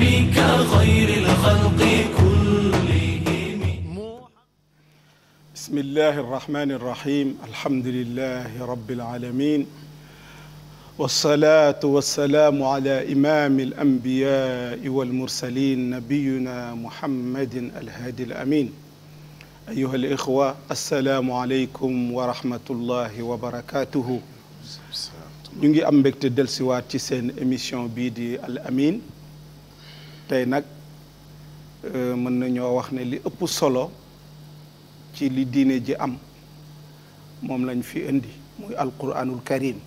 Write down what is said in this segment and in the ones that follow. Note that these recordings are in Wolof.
بك خير الخلق كلهم بسم الله الرحمن الرحيم الحمد لله رب العالمين والصلاة والسلام على إمام الأنبياء والمرسلين نبينا محمد الهادي الأمين أيها الإخوة السلام عليكم ورحمة الله وبركاته ñu ngi am mbégte dellusiwaat ci seen émission bii di Al Amine tey nag euh, mën nañoo wax ne li ëpp solo ci li diine ji am moom lañ fi indi muy alquranul karim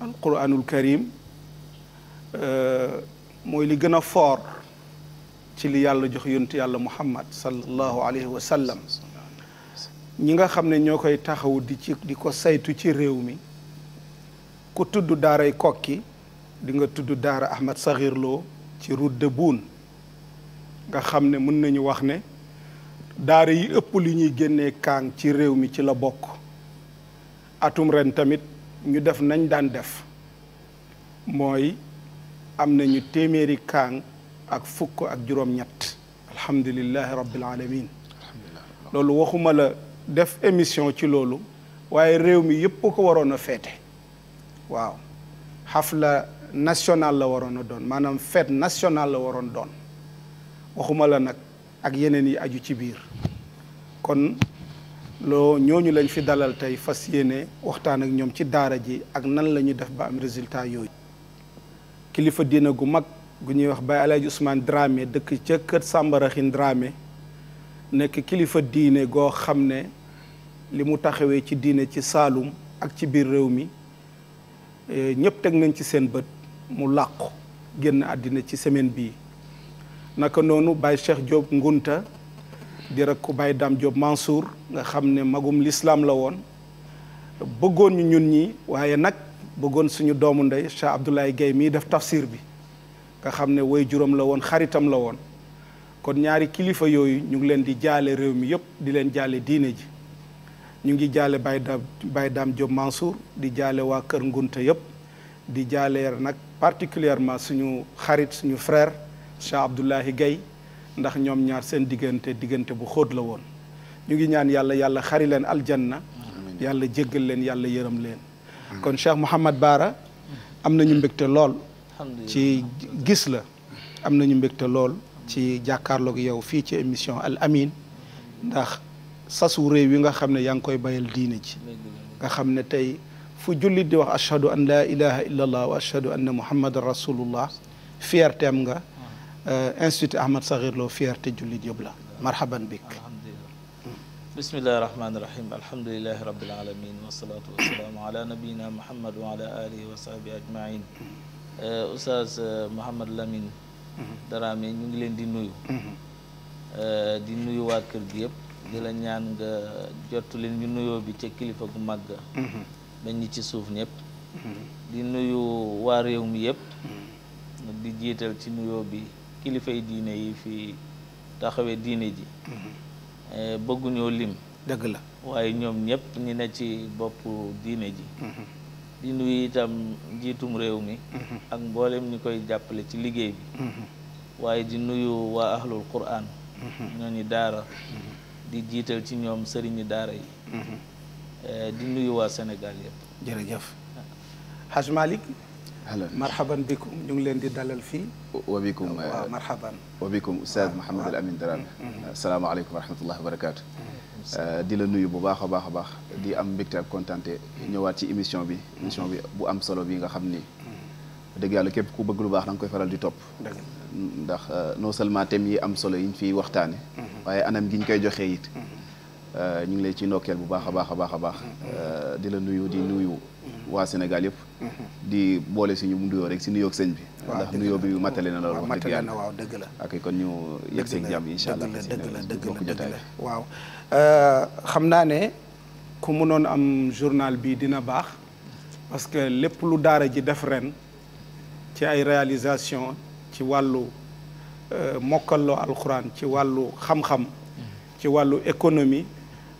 alquranul karim euh, mooy li gën a foor ci li yàlla jox yontu yàlla muhammad sallallahu alayhi wa ñi nga xam ne ñoo koy taxawu di ci di ko saytu ci réew mi ku tudd daaray kokki di nga tudd daara ahmad saxir ci route de Boune nga xam ne mën nañu wax ne daara yi ëpp li ñuy génnee kaang ci réew mi ci la bokk atum ren tamit ñu def nañ daan def mooy am na ñu téeméeri kaang ak fukk ak juróom-ñett alhamdulilahi rabbil alamin loolu waxuma la def émission ci loolu waaye réew mi yëpp ko waroon a feete waaw xafla national la waroon a doon maanaam fête nationale la waroon doon waxuma la nag ak yeneen yi aju ci biir kon loo ñooñu lañ fi dalal tey fas yéene waxtaan ak ñoom ci daara ji ak nan la ñuy def ba am résultat yooyu kilifa diina gu mag gu ñuy wax Baye Alaaji Ousmane Dramé dëkk ca kër Sàmbaraxin Dramé nekk kilifa diine goo xam ne li mu taxawee ci diine ci Saalum ak ci biir réew mi eh, ñëpp teg nañ ci seen bët mu làqu génn àddina ci semaine bii naka noonu Baye Cheikh Diop Ngunta di rakku Baye Dame Diop Mansour nga xam ne magum lislaam la woon bëggoon ñu ñun ñi waaye nag bëggoon suñu doomu ndey Cheikh Abdoulaye Guèye mii def tafsir bi nga xam ne way juróom la woon xaritam la woon kon ñaari kilifa yooyu ñu ngi leen di jaale réew mi yëpp di leen jaale diine ji ñu ngi jaale Baye Dame Baye Dame Diop di jaale waa kër Ngunta yëpp di jaale nag particulièrement suñu xarit suñu frère Cheikh Abdoulahi Gaye ndax ñoom ñaar seen diggante diggante bu xóot la woon ñu ngi ñaan yàlla yàlla xari leen aljanna yàlla jéggal leen yàlla yërëm leen kon Cheikh Mouhamad Baara am nañu mbégte lool ci gis la am nañu mbégte lool ci jàkkaarlook yow fii ci émission Al Amine ndax sasu réew yi nga xam ne yaa ngi koy bayal diine ji nga xam ne tey fu jullit di wax ashhadu an la ilaha illallah wa ashhadu anna muhammadan rasulullah fierté am nga ah. eh, institut ahmad saxir loo fierté jullit yëpp la marhaban bik eh, eh, mm-hmm. ngi leen di nuyu mm-hmm. nuyu waa kër nuyoo kilifa gu màgg bañ ci suuf ñëpp mhm. di nuyu waa réew mi yëpp mhm. di jiital ci nuyoo bi kilifay diine yi fi taxawee diine ji mhm. eh, bëgguñoo lim dëgg la waaye ñoom ñëpp ñi ne ci boppu diine ji di nuyu itam njiitum réew mi ak mboolem ñi koy jàppale ci liggéey bi waaye di nuyu waa ahlul quraan ñooñu daara di jiital ci ñoom sëriñi daara yi Euh, di nuyu waa Sénégal yëpp. jërëjëf Haj Malick. allo bikum ñu ngi leen di dalal fii. wa bikum waaw euh, marhaban. wa bikum Oustaz Mouhamed El Amin Daraame. Mm-hmm, mm-hmm. asalaamaaleykum wa rahmatullahi mm-hmm. euh, di la nuyu bu baax a baax a baax. di am mbégte ak ñëwaat ci émission bi. émission bi bu am solo bi nga xam ni. dëgg yàlla képp ku bëgg lu baax da nga koy faral di topp. ndax non seulement thèmes yi am solo yiñ fiy waxtaane waaye anam gi ñu koy joxee it. Euh, ñu ngi lay ci ndokkeel bu baax a baax a baax a baax euh, di la nuyu di nuyu waa Sénégal yëpp di boole suñu nuyoo rek si nuyoo ak sëñ bi ndax nuyoo bi matale na loolu wax na yàlla waaw dëgg la ak kon ñu yegg seeg jàmm insha allah dëgg la dëgg la dëgg la waaw euh, xam naa ne ku am journal bi dina baax parce que lépp lu daara ji def ren ci ay réalisation ci wàllu mokkalloo alxuraan ci wàllu xam-xam ci wàllu économie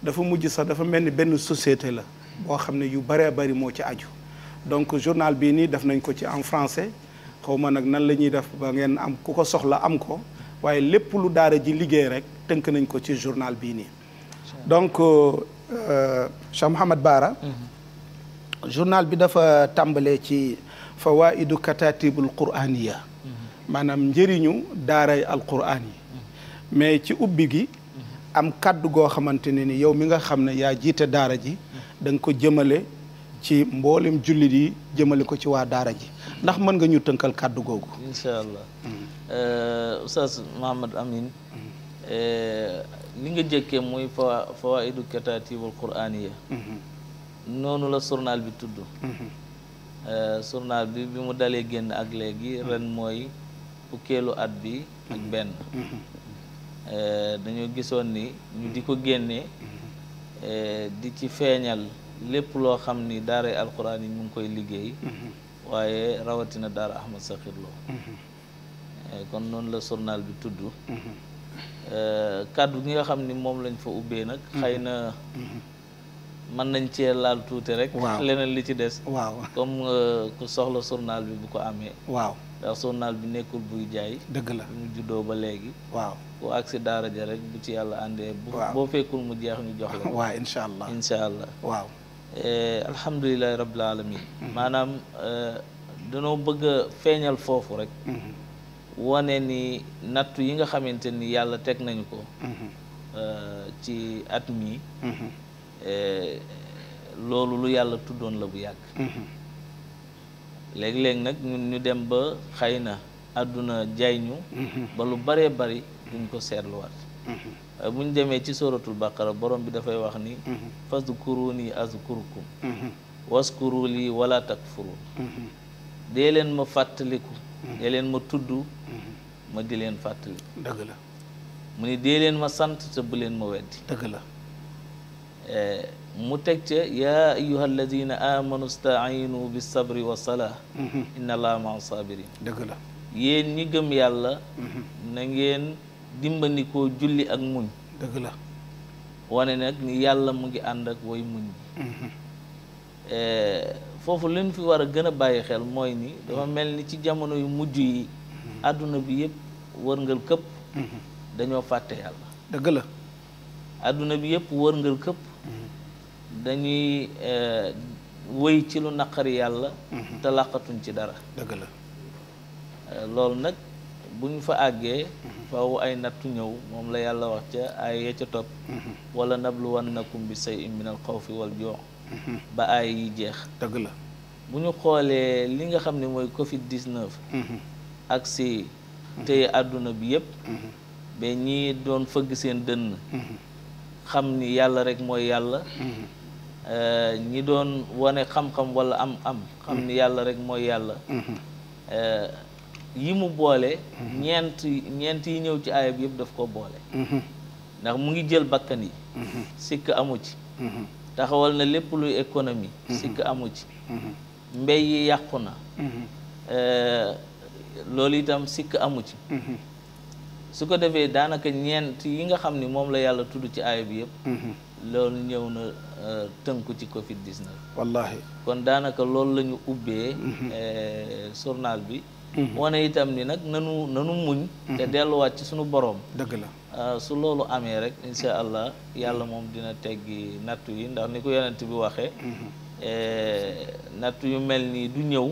dafa mujj sax dafa mel ni benn société la boo xam ne yu bëree bari moo ci aju donc journal bii nii def nañ ko ci en français xaw ma nag nan la ñuy def ba ngeen am ku ko soxla am ko waaye lépp lu daara ji liggéey rek tënk nañ ko ci journal bii nii donc euh, euh, Cheikh Mouhamad Baara mhm. journal bi dafa tàmbalee ci fawaidu katatibul quraniya mhm. maanaam njëriñu daaray alquran yi mhm. mais ci ubbi gi am kàddu goo xamante ne ni yow mi nga xam ne yaa jiite daara ji danga ko jëmale ci mboolem jullit yi jëmale ko ci waa daara ji ndax mën nga ñu tënkal kàddu googu incha allah mm-hmm. eh, oustaz Mahamad Amin mm-hmm. eh, li nga jëkkee muy fa fawaidu kataatibul quraaniya mm-hmm. noonu la journal bi tudd eh, journal bi bi mu dalee génn ak léegi ren mooy fukkeelu at bi ak benn Euh, dañoo gisoon ni ñu di ko génnee euh, di ci feeñal lépp loo xam ni daara alquran yi ñu ngi koy liggéey waaye rawatina daara Ahmad Sakhir Lo euh, kon noonu la journal bi tudd kàddu gi nga xam ni moom lañ fa ubbee nag xëy na mën nañ cee laal tuuti rek leneen li ci des waaw comme ku soxla journal bi bu ko amee waaw ndax bi nekkul buy jaay. dëgg la mu juddoo ba léegi. waaw ku agsi daara ja rek bu ci yàlla àndee. waaw boo fekkul mu jeex ñu jox la. waa incha allah incha allah. waaw. Eh, alhamdulilah rabbil alamin mm-hmm. maanaam eh, danoo bëgg a feeñal foofu rek. Mm-hmm. wane ni nattu yi nga xamante ni yàlla teg nañu ko. Mm-hmm. Eh, ci at mi. loolu lu yàlla tuddoon la bu yàgg. léeg-léeg nag ñun ñu dem ba xëy na àdduna jaay ñu mhm. ba lu baree bari duñ ko seetluwaat waaye bu ñu demee ci sóoratul baqara borom bi dafay wax ni mhm. fazkuruni azkurkum mhm. waskuru lii wala takfuru dee leen ma fàttaliku dee leen ma tudd ma di leen fàttaliku dëgg la mu ni dee leen ma sant te bu leen ma weddi dëgg la euh, mu teg ca yaa ayuha alladina amanu stainu bi sabri mhm. dëgg la yéen ñi gëm yàlla mhm. na ngeen dimbandikoo julli ak muñ dëgg la wane nag ni yàlla mu ngi ànd ak way muñ mhm. eh, foofu li ñu fi war a gën a bàyyi xel mooy ni dafa mel ni ci jamono yu mujj yi àdduna bi yëpp wërngal këpp dañoo fàtte yàlla dëgg la àdduna bi yëpp wërngal këpp dañuy eh, wëy ci lu naqari yàlla mhm. te làqatuñ ci dara dëgg la eh, loolu nag bu ñu fa àggee mhm. faaw ay nattu ñëw moom la yàlla wax ca ay ya ca topp mhm. wala nabluwannakum bi shay'in min xaw fi wal joo ba ay yi jeex dëgg la bu ñu xoolee li nga xam ne mooy covid 19 ak si tey àdduna bi yépp ba ñi doon fëgg seen dënn xam ni yàlla rek mooy yàlla Euh, ñi doon wane xam-xam walla am am xam ni hmm. yàlla rek mooy yàlla euh, yi mu boole ñeent ñeent yi ñëw ci aaya bi yëpp daf ko boole ndax mu ngi jël bakkan yi sikk amu ci taxawal na lépp luy économie sikk amu ci mbéy yi yàqu na euh, loolu itam sikk amu ci su ko defee daanaka ñeent yi nga xam ni moom la yàlla tudd ci aaya bi yëpp loolu ñëw na euh, tënku ci Covid 19. wallaahi kon daanaka loolu lañu ñu ubbee. Mhm. Euh, journal bi. Mhm. wane itam ni nag nanu nanu muñ. te mhm. delluwaat ci sunu boroom. dëgg la euh, su loolu amee rek incha allah yàlla moom dina teggi nattu yi ndax ni ko yonent bi waxee. nattu yu mel nii du ñëw.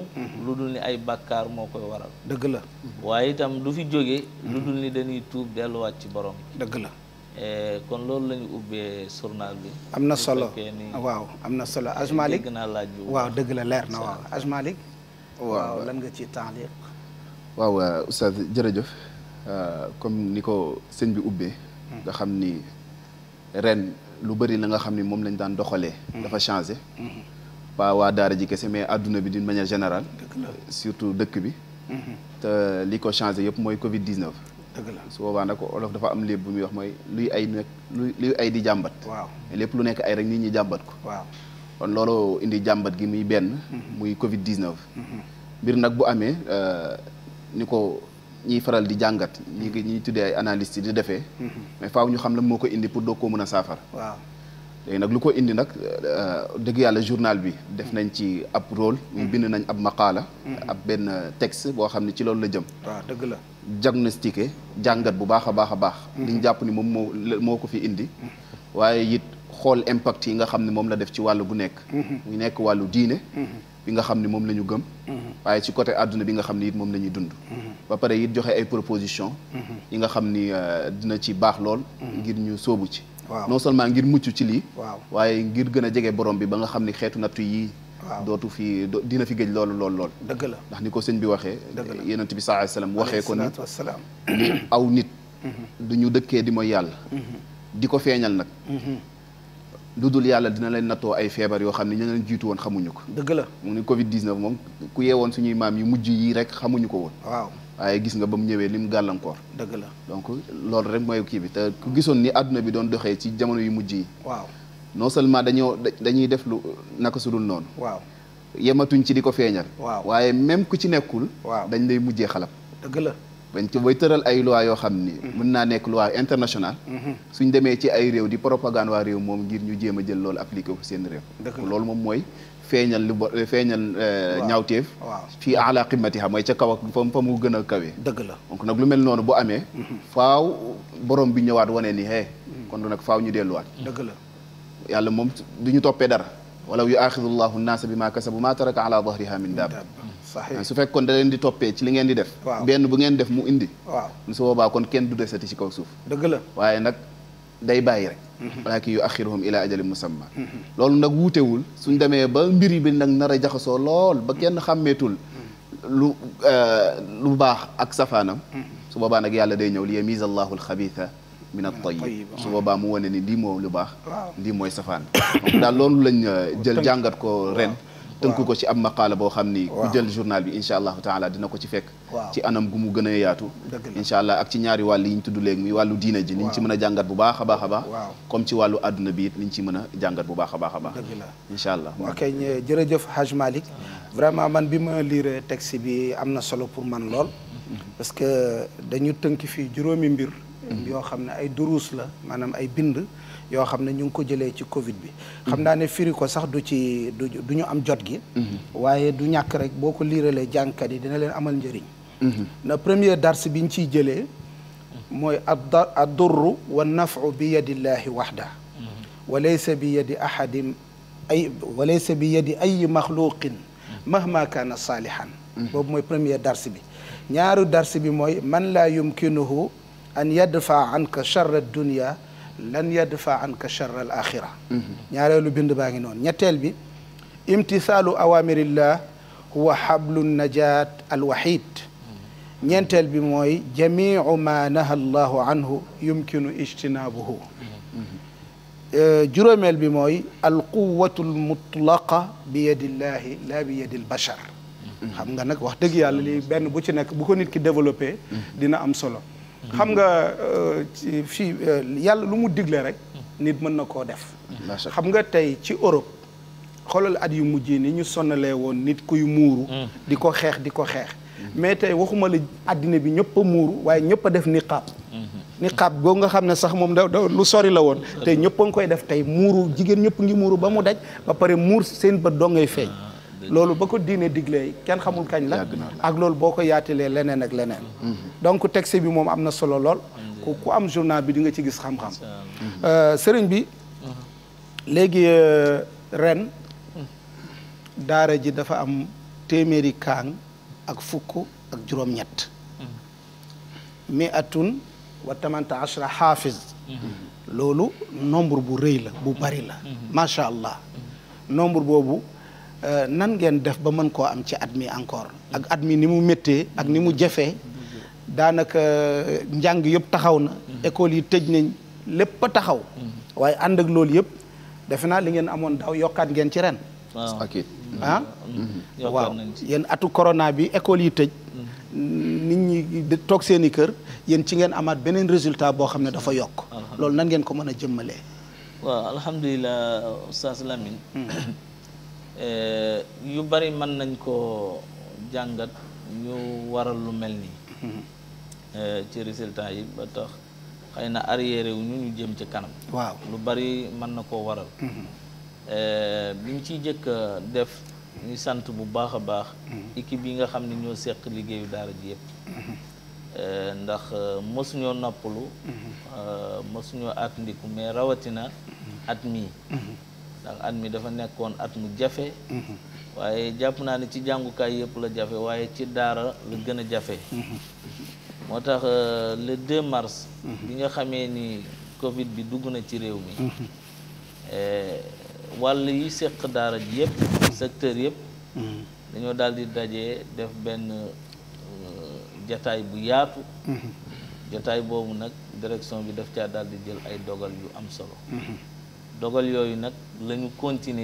lu dul ni ay bàkkaar moo koy waral. dëgg la waaye itam du fi jóge. lu dul ni dañuy tuub delluwaat ci boroom. dëgg la. Eh, kon loolu lañu ñu ubbee journal bi. am na solo waaw am na solo Asmalik dégg laaj bi waaw dëgg la leer na waaw Asmalik. waaw lan nga ci taaliq waaw oustaz jërëjëf euh, comme ni ko sëñ bi ubbee. Hmm. nga xam ni ren lu bëri na nga xam ni moom lañ daan doxalee. Hmm. dafa changé. Hmm. pas waa daara ji kese mais àdduna bi d'une manière générale. surtout dëkk bi. te li ko changé yëpp mooy Covid 19. dëgg la su boobaa nag olof dafa am léeb bu muy wax mooy luy ay nag luy ay di jàmbat. waaw lépp lu nekk ay rek nit ñi jàmbat ko. waaw kon indi jàmbat gi muy benn. Mhm. muy Covid 19. Mhm. mbir nag bu amee euh, ni ko ñiy faral di jàngat ñi ñuy tuddee ay analystes yi di defee. Mhm. mais faaw ñu xam la moo ko indi pour doog ko mën a saafara. waaw léegi nag lu ko indi nag euh, dëgg yàlla journal bi def nañ ci ab rôle. bind nañ ab maqaala. ab benn texte boo xam ne ci loolu la jëm. waaw dëgg la. diagnostiqué jàngat bu baax a baax a baax. Mhm. li jàpp ni moom moo moo ko fi indi. waaye it xool impact yi nga xam ne moom la def ci wàllu gu nekk. Mhm. mu nekk wàllu diine. Mhm. bi nga xam ne moom la ñu gëm. waaye ci côté àdduna bi nga xam ne it moom la ñuy dund. ba pare it joxe ay proposition yi nga xam ni euh, dina ci baax lool. ngir ñu soobu ci. waaw non seulement ngir mucc ci lii. waaw waaye ngir gën a jege borom bi ba nga xam ni xeetu nattu yi dootu fi dina fi géej loolu lool lool dëgg la ndax ni ko sëñ bi waxee yonent bi sallallahu alayhi wasallam waxee ko ni aw nit mhm. du ñu dëkkee di mooy yàlla mhm. di ko feeñal nag mhm. lu dul yàlla dina leen nattoo ay feebar yoo xam ne ña leen jiitu woon xamuñu ko dëgg la mu ni covid 19 moom ku yeewoon suñuy maam yu mujj yi rek xamuñu ko woon waaw waaye gis nga ba mu ñëwee lim gàllankoor dëgg la donc loolu rek mooy kii bi te ku gisoon ni àdduna bi doon doxee ci jamono yu mujj yi waaw non seulement dañoo dañuy def lu naka su dul noonu. waaw yematuñ ci di ko feeñal. waaw waaye même ku ci nekkul. waaw dañ lay mujjee xalab. dëgg la. bañ ci bay tëral ay loi yoo xam ni. Mm-hmm. mën naa nekk loi international mm-hmm. suñ demee ci ay réew di propagande waa réew moom ngir ñu jéema jël loolu appliqué ko seen réew. loolu moom mooy feeñal lu bo feeñal. Euh, ñaawteef. waaw fii ala qimmatiha mooy ca kaw ak fa fa mu gën a kawee. dëgg la donc nag lu mel noonu bu amee. Mm-hmm. faaw borom bi ñëwaat wane ni hee. kon nag faaw ñu delluwaat. dëgg la. yàlla moom du ñu toppee dara walaw yu aaxidu llahu naasa bi maa kasabu ma taraka ala dahriha min daab su fekkoon da leen di toppee ci li ngeen di def benn bu ngeen def mu indi waaw su boobaa kon kenn du desati ci kaw suuf dëgg la waaye nag day bàyyi rek mhm. walakin yu axiruhum ila ajalin musamma mhm. loolu nag wuutewul su demee ba mbir bi nag nar jaxasoo lool ba kenn xàmmeetul mhm. lu euh, lu baax ak safaanam su boobaa nag yàlla day ñëw li yamiza allahu alxabitha min at-tayyib su boobaa mu wane ni lii lu baax lii mooy safaan daal loolu lañ euh, jël jàngat ko ren tënku ko ci am maqaala boo xam ni ku jël journal bi incha allah taala dina ko ci fekk ci anam gu mu gën a yaatu incha allah ak ci ñaari wàll yi ñu tudd léegi mi wàllu diina ji niñ ci mën a jàngat bu baax a baax a baax comme ci wàllu àdduna bi it niñ ci mën a jàngat bu baax a baax a baax incha allah ok jërëjëf Haj Malick vraiment man bi ma lire texte bi am na solo pour man lool mm-hmm. parce que dañu tënk fii juróomi mbir Mm-hmm. yoo xam ne ay duruus la maanaam ay bind yoo xam ne ñu ngi ko jëlee ci Covid bi mm-hmm. xam naa ne firi ko sax du ci du du ñu am jot gi mm-hmm. waaye du ñàkk rek boo ko liiralee jànkat yi dina leen amal njëriñ na premier dars biñ ciy jëlee mooy ad-durru wa nafu bi yadillahi waxda wa laysa bi yadi ahadin ay wa ay maxluqin mahma kaana saalihan boobu mooy premier dars bi ñaaru dars bi mooy man la yumkinuhu an yadfa anka charra dunia lan yadfa anka charra al axira ñaareelu bind baa ngi noonu ñetteel bi imtisaalu awamirillah huwa xablu najat alwahid mm-hmm. ñeenteel bi mooy jamiu ma naha allahu anhu yumkinu ijtinaabuhu mm-hmm. euh, juróomeel bi mooy alquwatu almutlaqa bi yadillahi la bi yadi albachar mm-hmm. xam nga nag wax dëgg yàlla li benn bu ci nekk bu ko nit ki développé dina am solo xam nga euh, fii euh, yàlla lu mu digle rek. nit mën na koo def. xam nga tey ci Europe xoolal at yu mujj ni ñu sonalee woon nit kuy muuru. Mm. di ko xeex di ko xeex. mais tey waxuma la àddina bi ñëpp a muuru waaye ñëpp a def niqaab. Mm-hmm. niqaab boobu nga xam ne sax moom da lu sori la woon. Mm-hmm. tey ñëpp a ngi koy def tey muuru jigéen ñëpp ngi muuru ba mu daj ba pare muur seen bët doo ngay feeñ. Ah. loolu boo ko diine diglee kenn xamul kañ la ak loolu boo ko yaatalee leneen ak leneen mhm. donc texte bi moom am na solo lool ku ku am journal bi di nga ci gis xam-xam euh, sëriñ bi mhm. léegi euh, ren mhm. daara ji dafa am téeméeri kaang ak fukk ak juróom-ñett mi atun wa tamanta ashra xaafiz loolu nombre bu rëy la bu bari la macha allah nombre boobu Euh, nan ngeen def ba mën koo am ci at mi encore ak at mi ni mu méttee ak ni mu jafee daanaka euh, njàng yëpp taxaw na école yi tëj nañ lépp a taxaw waaye ànd ak loolu yëpp defe naa li ngeen amoon daaw yokkaat ngeen ci ren ah mm-hmm. Mm-hmm. waaw yéen atu corona bi école yi tëj mm-hmm. nit ñi toog seen i kër yéen ci ngeen amaat beneen résultat boo xam ne dafa yokk loolu nan ngeen ko mën a jëmmalee waaw alhamdulilah oustaz Lamine mm. Eh, yu bari mën nañ koo jàngat ñu waral lu mel nii mm-hmm. eh, ci résultat yi ba tax xëy na arrière wu ñu ñu jëm ca kanam waaw lu bari mën na koo waral mm-hmm. eh, bi ñu ciy jëkk def ñu sant bu baax a baax mm-hmm. équipe yi nga xam ni ñoo seq liggéeyu daara ji yëpp ndax mosuñoo noppalu mosuñoo at ndiku mais rawatina at mii ndax at mi dafa nekkoon at mu jafe mhm. waaye jàpp naa ne ci jàngukaay yëpp la jafe waaye ci daara la gën a jafe mhm. moo tax euh, le 2 mars mhm. bi nga xamee ni covid bi dugg na ci réew mi euh, wàll yi séq daara ji yëpp secteur yëpp dañoo daal di daje def benn euh, jataay bu yaatu jataay boobu nag direction bi daf caa daal di jël ay dogal yu am solo dogal yooyu nag la ñu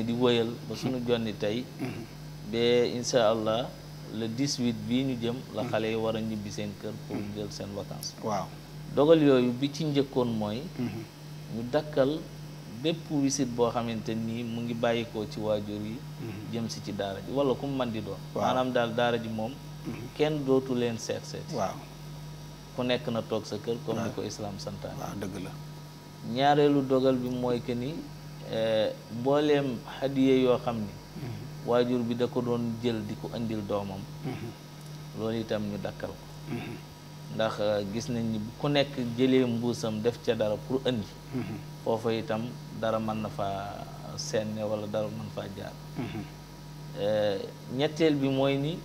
di wëyal ba suñu jonni tey ba insha allah le 18 bii ñu jëm la mm. xale yi war a ñibbi seen kër pour mm. jël seen vacances waaw dogal yooyu bi ci njëkkoon mooy mm-hmm. ñu dakkal bépp wisit boo xamante nii mu ngi bàyyikoo ci waajur yi mm-hmm. jëm si ci daara ji wala ku mu man di doon maanaam daal daara ji moom mm-hmm. kenn dootu leen seet seet waaw ku nekk na toog sa kër comme ni ko islam santaane waaw dëgg la ñaareelu dogal bi mooy que ni eh, mbooleem hadiya yoo xam ni mm-hmm. waajur bi da ko doon jël di ko indil doomam mm-hmm. loolu itam ñu dakkal ko mm-hmm. ndax eh, gis nañ ni ku nekk jële mbuusam def ca dara pour indi foofa itam dara mën na fa seenne wala dara mën fa jaar eh, ñetteel bi mooy ni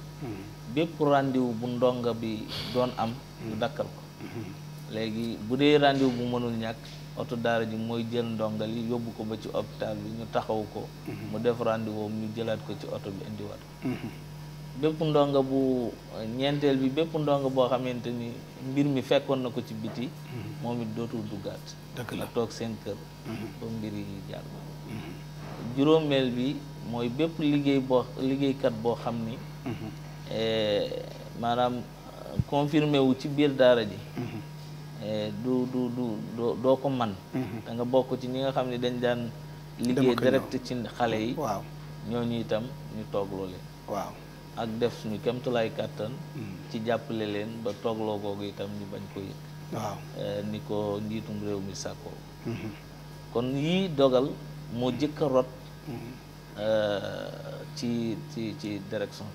bépp ràndiwu bu ndonga bi doon am ñu dakkal ko léegi bu dee rendez bu mënul ñàkk oto daara ji mooy jël ndongal yi yóbbu ko ba ci hôpital bi ñu taxaw ko mhm. mu def rendez ñu jëlaat ko ci oto bi indiwaat mhm. bépp ndonga bu ñeenteel bi bépp ndonga boo xamante ni mbir mi fekkoon na ko ci biti mhm. moom it dootul duggaat dëgg la toog seen kër ba mbir yi jàll juróomeel bi mooy bépp liggéey boo liggéeykat boo xam ni eh, maanaam confirmé wu ci biir daara ji Eh, du du du doo ko man mhm. da nga bokk ci ñi nga xam ne dañ daan liggéey direct ci xale yi waaw ñooñu itam ñu toogloo leen waaw ak def suñu kemtulaay kàttan mhm. ci jàppale leen ba toogloo googu itam ñu bañ ko yëg eh, ni ko njiitum réew mi sàkkoo mhm. kon yii dogal moo jëkk a rot eh, ci ci ci direction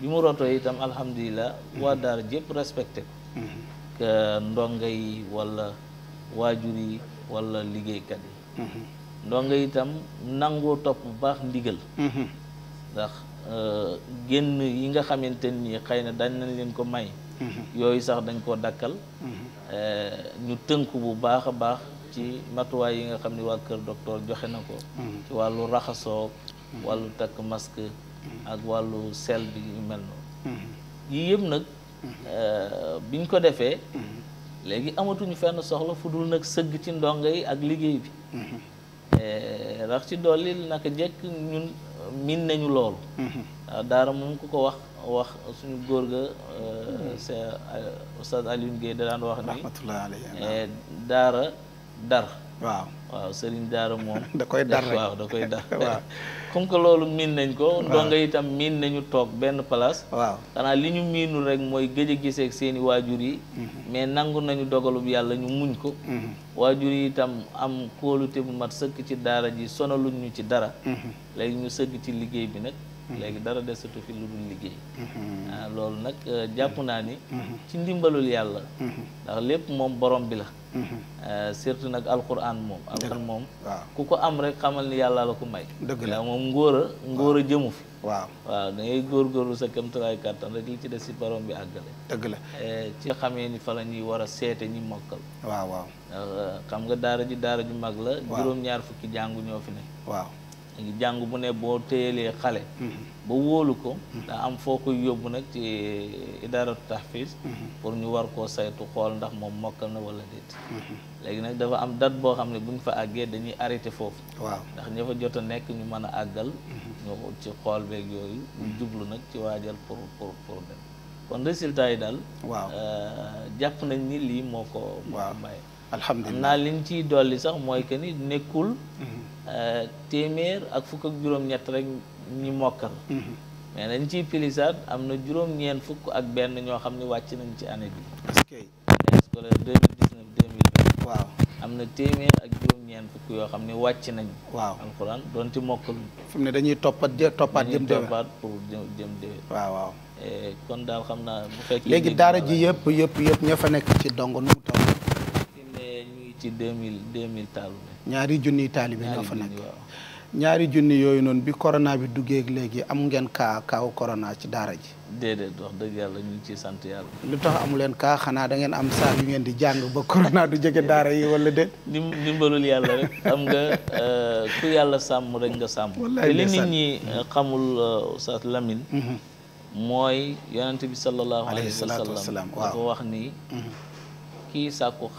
bi mu rotoo itam alhamdulilah waa daara jëpp respecte ko Eh, ndongo yi wala waajur yi wala liggéeykat yi mm-hmm. ndonga itam nangoo topp bu baax ndigal mm-hmm. ndax eh, génn yi nga xamante ni xëy na dañ nañ leen ko may mm-hmm. yooyu sax dañ koo dakkal eh, ñu tënku bu baax a baax ci matuwaay yi nga xam ni waa kër docteur joxe na ko ci wàllu raxasoo wàllu takk mask ak wàllu sel bi mel noonu yii yëpp nag Euh, bi biñ ko defee léegi amatuñu fenn soxla fu dul nag sëgg ci ndongo yi ak liggéey bi euh, rax ci dolli naka jekk ñun min nañu loolu waaw euh, daara moom ku ko wax wax suñu góor ga c'est Oustaz Alioune da daan wax ni daara dar waaw waaw sëriñ daara moom. da koy dar waaw da koy dar. waaw comme loolu miin nañ ko. ndonga itam miin nañu toog benn place. waaw xanaa li ñu miinul rek mooy gëj a gisee ak seen waajur yi. Mhm. mais nangu nañu dogalu yàlla ñu muñ ko. Mhm. waajur yi itam am kóolute bu mat sëkk ci daara ji sonaluñ ci dara. Mhm. léegi ñu sëgg ci liggéey bi nag. Mmh. léegi dara desatu fi lu dul liggéey mmh. ah loolu nag euh, jàpp mmh. naa ni ci ndimbalul yàlla ndax lépp moom borom bi la euh, surtout nag alquran moom alquran moom ku ko am rek xamal ni yàlla la ko may dëgg la moom ngóor a ngóor a jëmu fi waaw waaw da ngay góorgóorlu sa kéemtalaay kàttan rek li ci des si borom bi àggale dëgg la euh, ci xamee ni fa la ñuy war a seete ñi mokkal waaw waaw xam nga daara ji daara ju mag la juróom-ñaar fukki jàngu ñoo fi ne waaw jàng bu ne boo téyelee xale mm-hmm. ba wóolu ko mm-hmm. daa am foo koy yóbbu nag ci tax fiis mm-hmm. pour ñu war koo saytu xool ndax moom mokkal na wala déet léegi nag dafa am date boo xam ne buñ fa àggee dañuy arrêté foofu waaw ndax ña jot a nekk ñu mën a àggal ci xool beeg yooyu ñu jublu nag ci waajal pour pour pour dem kon résultat yi daal waaw euh, jàpp nañ ni lii moo ko moo ko maye alhamdulilah naa liñ ciy dolli sax mooy que ni nekkul Euh, téeméer ak fukk ak juróom-ñett rek ñi mokkal. Mm-hmm. mais nañ ci pilisaat am na juróom-ñeent fukk ak benn ñoo xam ne wàcc nañ ci année bi. année scolaire deux mille dix neuf am na téeméer ak juróom-ñeent fukk yoo xam ne wàcc nañ. waaw alxuraan doon ci mokkaluñ. ne dañuy toppat jë toppaat jëm déwén toppaat waaw waaw. kon daal xam naa bu fekkee. léegi daara ji yëpp yëpp yëpp ña fa nekk ci dongo nu mu toll. fi ne ñu ngi ci deux mille deux mille taalu. ñaari junniy taalibe ñoo fa nekk ñaari junni yooyu noonu bi corona bi duggeek léegi am ngeen kaa kaaw corona ci daara ji. déedéet dox dëgg yàlla ñu ngi ciy sant yàlla. lu tax amu leen kaa xanaa da ngeen am saa yu ngeen di jàng ba corona du jege daara yi wala déet. dim dimbalul yàlla rek xam nga euh, ku yàlla sàmm rek nga sàmm. te li nit ñi euh, xamul euh, Oustaz Lamine. Mhm. mooy yonent bi sallallahu alayhi wa sallam. dafa wax ni. Mhm. kii sàkku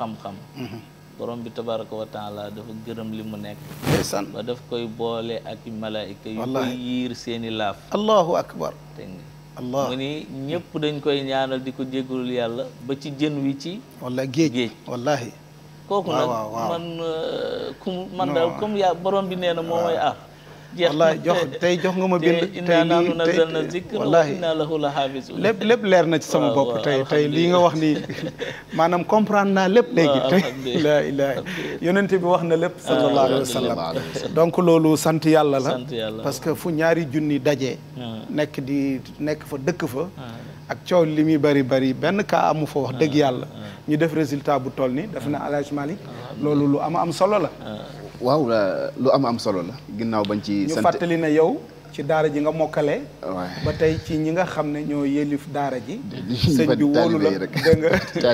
borom bi tabaraka wa taala dafa gërëm li mu nekk ndeysaan ba daf koy boole ak malaayika yu koy yiir seeni laaf allahu akbar mu ni ñëpp dañ koy ñaanal di ko jégalul yàlla ba ci jën wi ci walla géej géej kooku nag man euh, ku man daal comme yaa borom bi nee na moo ah. mooy wallaay jox tey jox nga ma bind tey lii lépp lépp leer na ci sama lii nga wax nii maanaam comprendre naa lépp léegi tey la ilaha yonent bi wax na lépp ah, sallallahu alayhi donc loolu sant yàlla la parce que fu ñaari junni daje ah. nekk di nekk fa dëkk fa ah. ak coow li muy bari bari benn ka amu fa wax dëgg yàlla ñu def résultat bu toll ni def na Alaaji Malick loolu lu ama am solo la waaw lu am am solo la ginnaaw bañ ci sant ñu fàttali ne yow ci daara ji nga mokkale ba tey ci ñi nga xam ne ñoo yëlif daara ji sëñ bi wóolu la da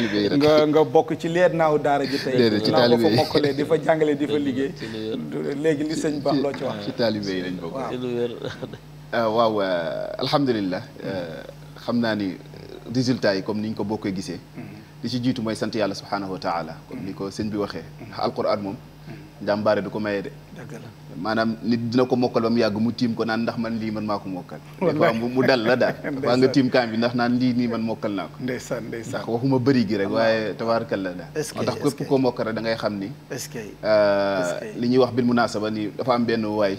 nga nga bokk ci leer naaw daara ji tey la nga fa mokkale di fa jàngale di fa liggéey léegi li sëñ baax loo ci wax ci taalibe yi lañ bokk waaw ah, euh, alhamdulilah euh, xam naa ni euh, résultat yi comme ni ñu ko bokkee gisee mhm. li ci jiitu mooy sant yàlla subhaanahu wa taala comme ni ko sëñ bi waxee mhm. alquran moom njàmbaare du ko maye de. maanaam nit dina ko mokkal ba mu yàgg mu tiim ko naan ndax man lii man maa ko mokkal. des mu dal la daal. waa nga tiim bi ndax naan lii nii man mokkal naa ko. ndeysaan ndeysaan ndax waxuma bëri gi rek waaye tabaarkal la daal. est-ce que moo tax képp koo mokkal rek da ngay xam ni. Euh, est-ce que li ñuy wax bil munaasaba nii dafa am benn waay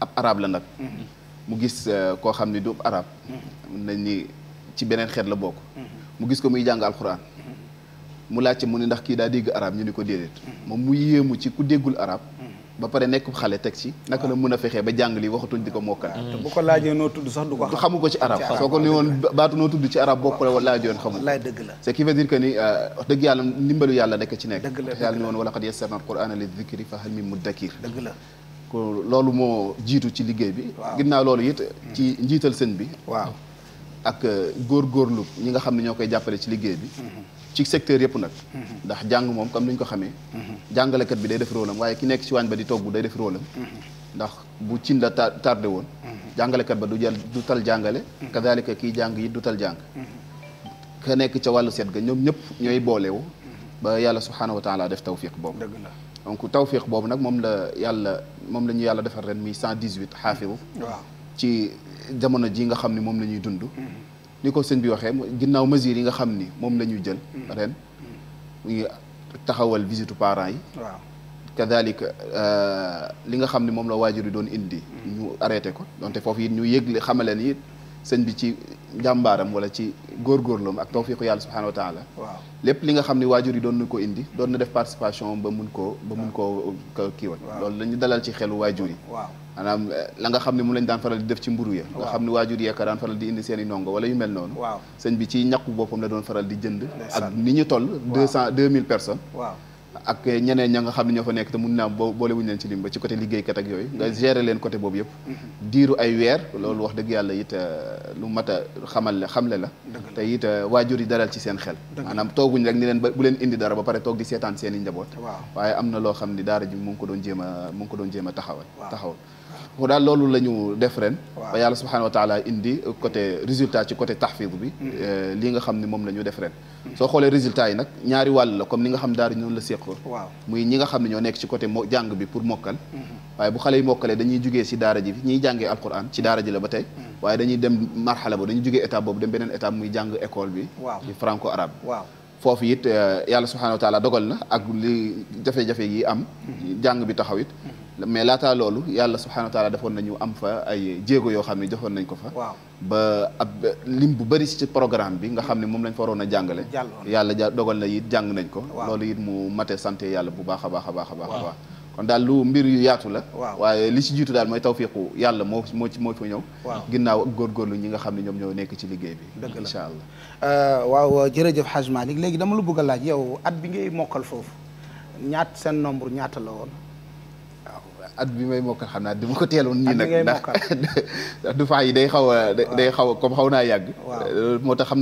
ab arab la nag. Mm-hmm. mu gis euh, koo xam ni du arab. Mm-hmm. mun nañ ni ci beneen xeet la bokk. Mm-hmm. mu gis ko muy jàng alxuraan. mu laajte mu ni ndax kii daa dégg araab ñu ni ko déedéet moom mu yéemu ci ku déggul arab mm-hmm. ba pare nekk xale teg ci naka la mën a fexe ba jàng li waxatuñ di ko mokkal mm-hmm. te bu ko laajee noo tudd sax du ko xam xamu ko ci arab soo ko ni woon baatu noo tudd ci arab boo ko laajoon xamu laay dëgg la ce qui veut dire que ni euh, wax dëgg yàlla ndimbalu yàlla nekk ci nekk yàlla ni woon wala qad yassarna al-qur'ana li-dhikri fa hal min muddakir dëgg la loolu moo jiitu ci liggéey bi ginnaaw loolu it ci mm-hmm. njiital sëñ bi waaw ak euh, góorgóorlu ñi nga xam ne ñoo koy jàppale ci liggéey bi ci secteur yëpp nag ndax jàng moom comme lañ ñu ko xamee jàngalekat bi day def rôlam waaye ki nekk ci waañ ba di togg day def rôlam ndax bu cin la ta tardé woon jàngalekat ba du jël du tal jàngale kadaalika kiy jàng yi du tal jàng ka nekk ca wàllu seet ga ñoom ñëpp ñooy boolewu ba yàlla subhaanahu wa taala def tawfiq boobu dëgg la donc tawfiq boobu nag moom la yàlla moom la ñu yàlla defar ren muy 118 xaafiru waaw ci jamono ji nga xam ne moom la ñuy dund ni ko sëñ bi waxee ginnaaw mesures yi nga xam ni moom lañu ñuy jël. Mm. ren mu ngi taxawal visite parent yi. waaw kadalika euh, li nga xam ni moom la waajur yi doon indi. Mm. ñu arrêté ko donte foofu it ñu yëgle xamale ni sëñ bi ci jàmbaaram wala ci góor góorgóorloom ak tawfiqu yàlla subhanahu wa taala waaw lépp li nga xam ne waajur yi doon na ko indi doon na def participation ba mun koo ba mun koo kiiwal loolu lañu dalal ci xelu waajur yi waaw maanaam eh, la nga xam ne mu lañ daan faral di def ci mburu ya nga xam ne waajur yeeka daan faral di indi seen i ndongo wala yu mel noonu waaw sëñ bi ci ñàkku boppam la doon faral di jënd ak ni ñu toll deux cent deux mille personnes ak ñeneen ña nga xam ne ñoo fa nekk te mun naa boole wuñu leen ci lim ba ci côté liggéeykat ak yooyu nga gérer leen côté boobu yëpp mm-hmm. diiru ay weer loolu wax dëgg yàlla it euh, lu mat a xamal la xamle la te it euh, waajur yi dalal ci seen xel maanaam tooguñ rek ni leen ba bu leen indi dara ba pare toog di seetaan seen njaboot waaye am na loo xam ni daara ji mu ngi ko doon jéem a mu ngi ko doon jéem a taxawal taxawal ko daal loolu la ñu def ren ba yàlla subhaanahu wa taala indi côté résultat ci côté tahfiz bi mm-hmm. euh, li nga xam ne moom la ñu def ren soo xoolee résultat yi nag ñaari wàll la comme ni nga xam daara ñoonu la séqoo waaw muy ñi nga xam ne ñoo nekk ci côté jàng bi pour mokkal mm-hmm. waaye bu xale yi mokkalee dañuy jugee si daara ji bi ñiy jàngee alquran ci daara ji la ba tey mm-hmm. waaye dañuy dem marxala boobu dañuy jugee étape boobu dem beneen étape muy jàng école bi di franco arabe foofu it euh, yàlla subhaanahu wa dogal na ak li jafe-jafe yi am jàng bi taxaw it mais laataa loolu yàlla subhaanahu wa defoon nañu am fa ay jéego yoo xam ne defoon nañ ko fa. waaw ba ab lim bu bëri ci programme bi nga xam ne moom lañ fa waroon a jàngale. yàlla ja dogal na it jàng nañ ko. loolu it mu mate sant yàlla bu baax a baax a baax a baax. kon daal lu mbir yu yaatu la. waaye li ci jiitu daal mooy tawfiiqu yàlla moo moo ci moo fa ñëw. ginnaaw ak lu ñi nga xam ne ñoom ñoo nekk ci liggéey bi. dëgg la incha allah. Euh, waaw jërëjëf Hajj Malick léegi dama lu bëgg a laaj yow at bi ngay mokkal foofu ñaat seen nombre ñaata la woon at bi may mokkal xam naa dama a day xaw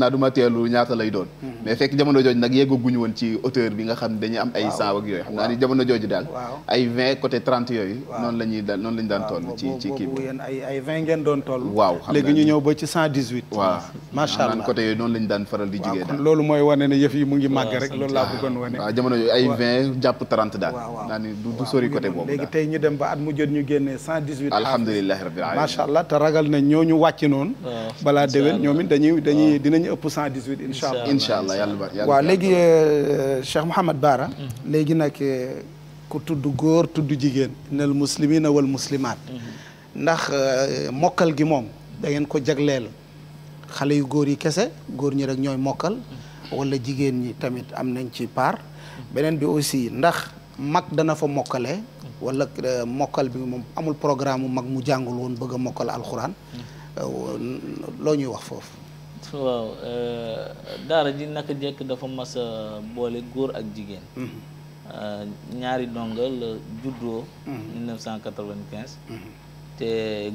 euh, teelu ñaata lay doon mm-hmm. mais fekk jamono jooju nag yeggaguñu woon ci auteur bi nga xam ne dañuy am ay cent ak yooyu xam naa ni jamono jooju daal ay vingt côté trente yooyu noonu la ñuy daan noonu waaw léegi ñu ñëw ba ci cent dix huit waaw yooyu noonu la daan faral di jigéen daal loolu mooy wane ne yëf yi mu ngi màgg rek loolu laa bëggoon wane waaw jamono jooju ay vingt jàpp trente daal naa ni du sori côté boobu léegi at mu jot ñu génnee cent dix huit alhamdulilah rabbil alamin macha allah te ragal nañ ñoo ñu wàcc noonu ah, balaa déwén ñoom it dañuy ah. dañuy dinañu ëpp cent dix huit incha allah incha allah yàlla ba waaw léegi euh, Cheikh Mouhamad Baara mm-hmm. léegi nag euh, ku tudd góor tudd jigéen nel muslimina wal muslimaat mm-hmm. ndax euh, mokkal gi moom ngeen ko jagleel xale yu góor yi kese góor ñi rek ñooy mokkal mm-hmm. wala jigéen ñi tamit am nañ ci part beneen bi aussi ndax mag dana fa mokkale wala euh, mokkal bi moom amul programme mu mag mu jàngul woon bëgg mokkal alxuraan hmm. euh, loo ñuy wax foofu waaw euh, daara ji naka jekk dafa mas a boole góor ak jigéen hmm. ñaari donga la juddoo hmm. te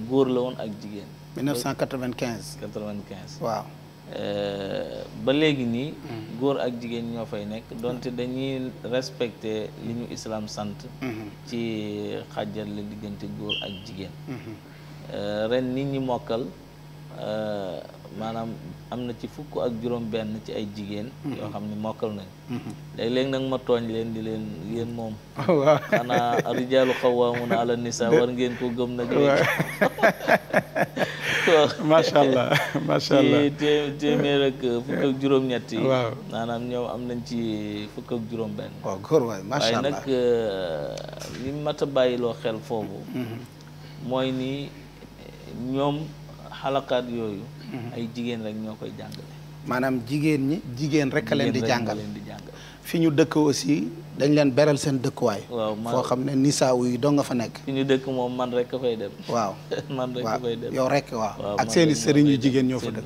góor la woon ak jigéen 1995 95 waaw Euh, ba léegi nii góor ak jigéen ñoo fay nekk donte dañuy respecté li ñu islam sant ci xàjjal la diggante góor ak jigéen mm-hmm. euh, ren nit ñi mokkal euh, maanaam am na ci fukk ak juróom benn ci ay jigéen mhm. yoo xam ne mokkal nañ mhm. léeg nag ma tooñ leen di leen yéen moom oh, waaw xanaa rijaalu xawwaamuuna ala nisa war ngeen ko gëm nag léegi macha allah macha allah ci téeméer ak fukk ak juróom-ñett yi ñoom am nañ ci fukk ak juróom benn oh, waay macha waaye nag euh, li mat bàyyiloo xel foofu mhm. mooy ni ñoom xalakaat yooyu Mm-hmm. ay jigéen rek ñoo koy jàngale. maanaam jigéen ñi jigéen rek a leen di jàngal fi ñu dëkk aussi dañ leen beral seen dëkkuwaay. waaw foo xam ne nisaaw yi doo nga fa nekk. fi ñu dëkk moom man rek a fay dem. waaw man rek yow rek waaw. ak seen i sëriñ yu jigéen ñoo fa dëkk.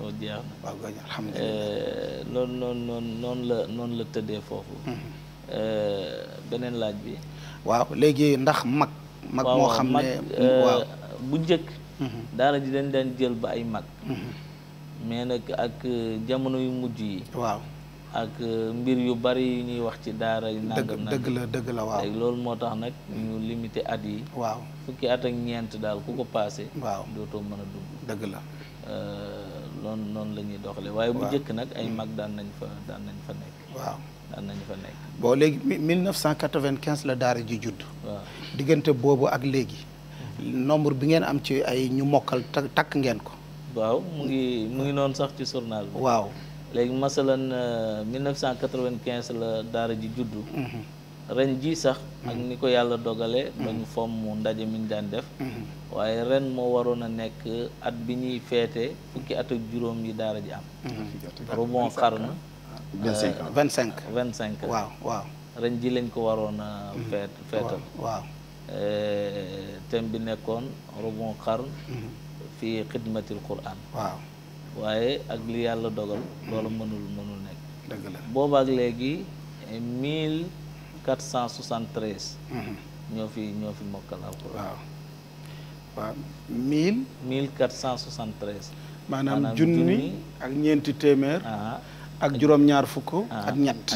waaw gañ alhamdulilah. loolu eh, noonu noonu noonu la noonu la tëddee foofu. Mm-hmm. Eh, beneen laaj bi. waaw léegi ndax mag. mag moo xam ne eh, waaw bu njëkk. Mm-hmm. daara ji dañ daan jël ba ay mag. mais nag ak euh, jamono yu mujj yi waaw ak euh, mbir yu bari yu ñuy wax ci daara yu nangam dëgg la dëgg la waaw loolu moo tax nag ñu limité at yi waaw fukki at ak ñeent daal ku ko passé waaw dootoo mën a dugg dëgg la loolu euh, noonu la ñuy doxale waaye bu njëkk nag ay mm. mag daan nañ fa daan nañ fa nekk waaw daan nañ fa nekk bon léegi 1995 la daara ji judd diggante boobu ak léegi nombre bi ngeen am ci ay ñu mokkal takk ngeen ko waaw mu ngi mu ngi noonu sax ci journal bi. waaw léegi masalan 1995 euh, la daara ji juddu. Mhm. ren ji sax. Mhm. ak ni ko yàlla dogalee. dañu fomm ndaje mi ngi daan def. Mhm. waaye ren moo waroon a nekk at bi ñuy feete fukki at ak juróom yi daara ji am. rebond xarnu. 25 ans 25. Euh, 25 waaw waaw. ren ji lañ ko waroon a. feet feetal waaw. Euh, thème bi nekkoon rebond xarnu. fi xidmatil quran waaw waaye ak li yàlla dogal loolu mënul mënul nekk dëgg la boobaak léegi mille quatre cent soixante treize mhm. ñoo fi ñoo fi mokkal alquran waaw waaw mille mille quatre cent maanaam junni ak ñeenti téeméer ah. ak juróom-ñaar fukk ah, ak ñett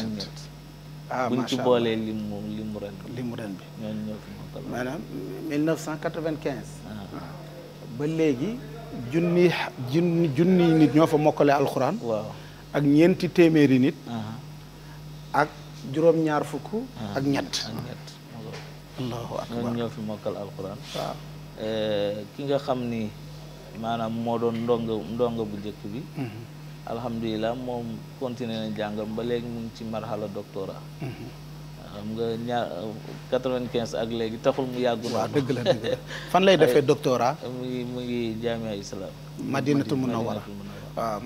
ah, buñ ci boolee limu limu ren limu ren bi ñoo ñoo fi mokkal maanaam ba léegi junni junni junni nit ñoo fa mokkale alxuraan. waaw ak ñeenti téeméeri nit. ak juróom-ñaar fukk. ak ñett allahu akbar ñoo fi mokkal alxuraan. waaw eh, ki nga xam ni maanaam moo doon ndongo ndongo bu njëkk bi. Mhm. alhamdulilah moom continué na jàngam ba léegi mu ngi ci marhala doctorat. Mhm. xam nga ñaar quatre ak léegi taxul mu yàggu. waaw dëgg la dëgg fan lay defee doctorat. mu ngi mu ngi jaamia islam.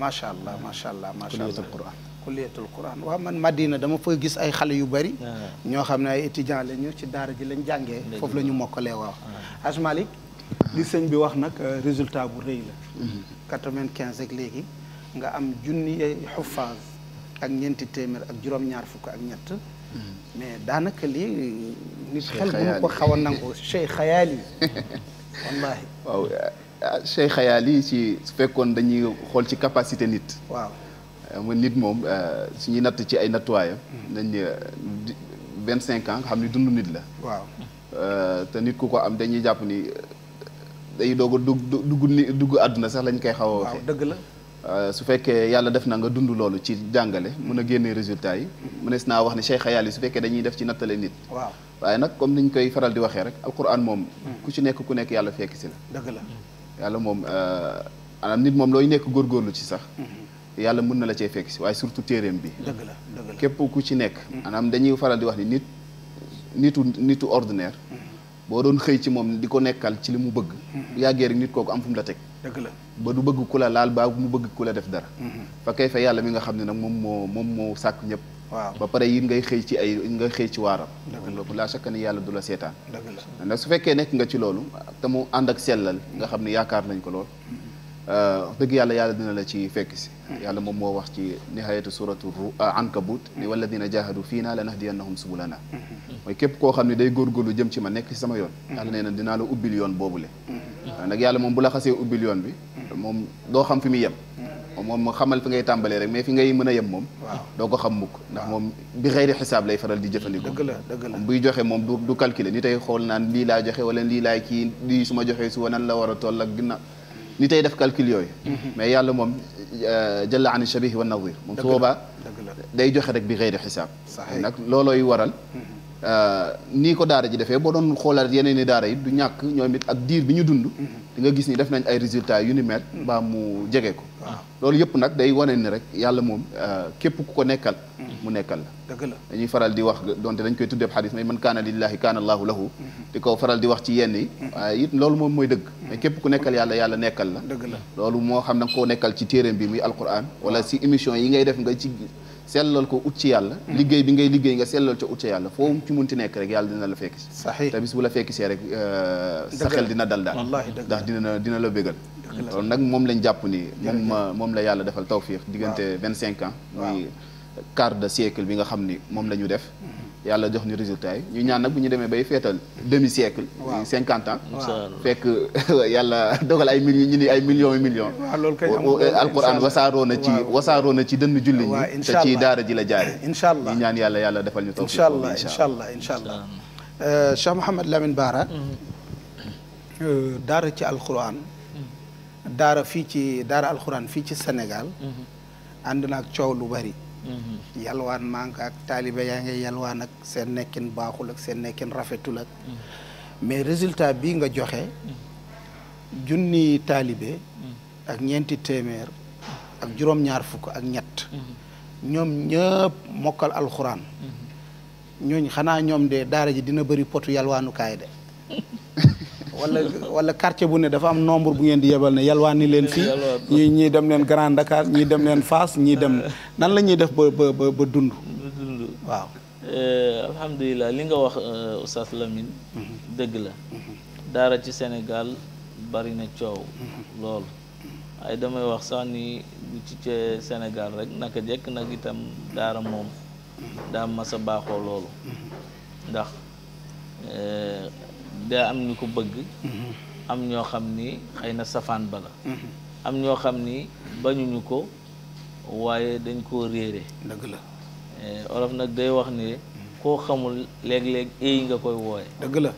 macha allah macha allah macha allah kulliyatul quran kulliyatul quran man madina dama fa gis ay xale yu bari. Ah. ñoo xam ne ay étudiants lañu ci daara ji lañ jàngee. foofu la ñu mokkalee waaw. Ah. Aj Malick li sëñ bi wax nag euh, résultat bu rëy la. Mm-hmm. quinze ak léegi nga am junni xufaas ak ñeenti téeméer ak juróom-ñaar fukk ak ñett. mais daanaka lii nit xel bu ko xaw a nangu Cheikh xayaal yi wallaahi waaw ah, Cheikh xayaal yi su fekkoon dañuy xool ci capacité nit waaw ah, ma nit moom ah, suñuy natt ci ay nattuwaaya nañ vingt cinq ans xam ni dund nit la waaw te nit ku ko am dañuy jàpp ni day doog a dugg dugg àdduna sax lañ koy xaw a waxee dëgg la Euh, su fekkee yàlla def na nga dund loolu ci jàngale mun a génnee résultat yi mënees naa wax ne cheikh xayaal yi su fekkee dañuy def ci nattale nit waaw waaye nag comme niñ koy faral di waxee rek alquran moom hmm. ku ci nekk ku nekk yàlla fekk si la la yàlla moom euh, maanaam nit moom looy nekk góor góorlu ci sax hmm. yàlla mën na la cee fekk si waaye surtout téeréem bi dëgg la dëgg képp ku ci nekk hmm. maanaam dañuy faral di wax ni nit nitu nitu ordinaire boo doon xëy ci moom di ko nekkal ci li mu bëgg bu yàggee rek nit kooku am fu mu la teg la ba du bëgg ku la laal ba mu bëgg ku la def dara mhm. fa kay fa yàlla mi nga xam ne nag moom moo moom moo sàkk ñëpp waaw ba pare yit ngay xëy ci ay ngay xëy ci waaram loolu laa sakka ni yàlla du la seetaan dëgg la su fekkee nekk nga ci loolu te mu ànd ak sellal nga xam ne yaakaar nañ ko lool mhm. Euh, wax dëgg yàlla yàlla dina la ci fekk si yàlla moom moo wax ci nihayatu suratu euh, ankabut ni walladina jahadu fii naa la la subulana mooy képp koo xam ne day góorgóorlu jëm ci ma nekk ci sama yoon yàlla nee na dina la ubbil yoon boobu le nag yàlla moom bu la xasee ubbil yoon bi moom doo xam fi muy yem moom xamal fi ngay tàmbalee rek mais fi ngay mën a yem moom doo ko xam mukk ndax moom bi xeyri xisaab lay faral di jëfandikoo dëgg la dëgg la buy joxe moom du du ni tey xool naan lii laa joxe wala lii laa kii lii su ma joxee su wa nan la war a toll ak ginnaaw ni tey def calcul yooyu. Mhm. mais yàlla moom euh, jalla ani shabihi wa nadir moom su boobaa day joxe rek bi xëyri xisaab. nag loolooy waral. Mhm. Euh, nii ko daara ji defee boo doon xoolaat yeneen i daara yi du ñàkk ñoom it ak diir bi ñu dund. Mhm. di nga gis ni def nañ ay résultats yu ni mbaa mu jege ko. waaw loolu yëpp nag day wane ni rek yàlla moom euh, képp ku ko nekkal mu mm-hmm. nekkal la dëgg la dañuy faral di wax donte dañ koy tuddeeb xadis mais man kaana lillahi kaana allahu lahu mm-hmm. di ko faral di wax ci yenn yi mm-hmm. waaye it loolu moom mooy dëgg mais képp ku nekkal yàlla yàlla nekkal la dëgg la loolu moo xam da nga koo nekkal ci téeréem bi muy alquran wala si émission yi ngay def nga ci sellal ko ut ci yàlla liggéey bi ngay liggéey nga sellal ca ut ca yàlla foo ci munti nekk rek yàlla dina la fekk si te bis bu la fekk see rek euh, sa dina dal daal ndax dina dina la bégal loolu nag moom lañ jàpp ni moom moom la yàlla defal tawfiix diggante vingt cinq ans muy quart de siècle bi nga xam ni moom la ñu def mm-hmm. yàlla jox ñu résultat yi ñu ñaan nag bu ñu demee bay feetal demi siècle cinquante ans fekk yàlla dogal ay millions ñu ni ay millions millions alquran wasaaroo na ci wasaaroo na ci dënn julli ñi te daara ji la incha allah ñaan yàlla yàlla defal ñu tawfiix incha allah incha allah euh, Cheikh Mouhamed Lamine Bara mm-hmm. euh, daara ci alquran daara fii ci daara alxuraan fii ci Sénégal. Mm-hmm. ànd na ak coow lu bari. Mm-hmm. yalwaan manque ak taalibe yaa ngi yalwaan ak seen nekkin baaxul ak seen nekkin rafetul ak. Mm-hmm. mais résultat bi nga joxe. junni taalibe. ak ñeenti téeméer. ak juróom-ñaar fukk ak ñett. ñoom ñëpp mokkal alxuraan. ñooñ xanaa ñoom de daara ji dina bari potu yalwaanukaay de. wala wala quartier bu ne dafa am nombre bu ngeen di yebal ne ni leen fii ñi ñii dem leen Grand Dakar ñii dem leen fas ñuy dem nan la ñuy def ba ba ba dund waaw eh, alhamdulilah li nga wax eh, Oustaz Lamine mhm. dëgg la mhm. daara ci senegal bari na coow mhm. lool ay damay wax sànni ni du ci Sénégal rek naka jekk nag itam daara moom daa mas baaxoo loolu ndax eh, daa am ñu ko bëgg am ñoo xam ni xëy na safaan ba la am ñoo xam ni bañuñu ko waaye dañ koo réere dëgg la eh, olof nag day wax ni koo xamul léeg-léeg éey nga koy wooye dëgg la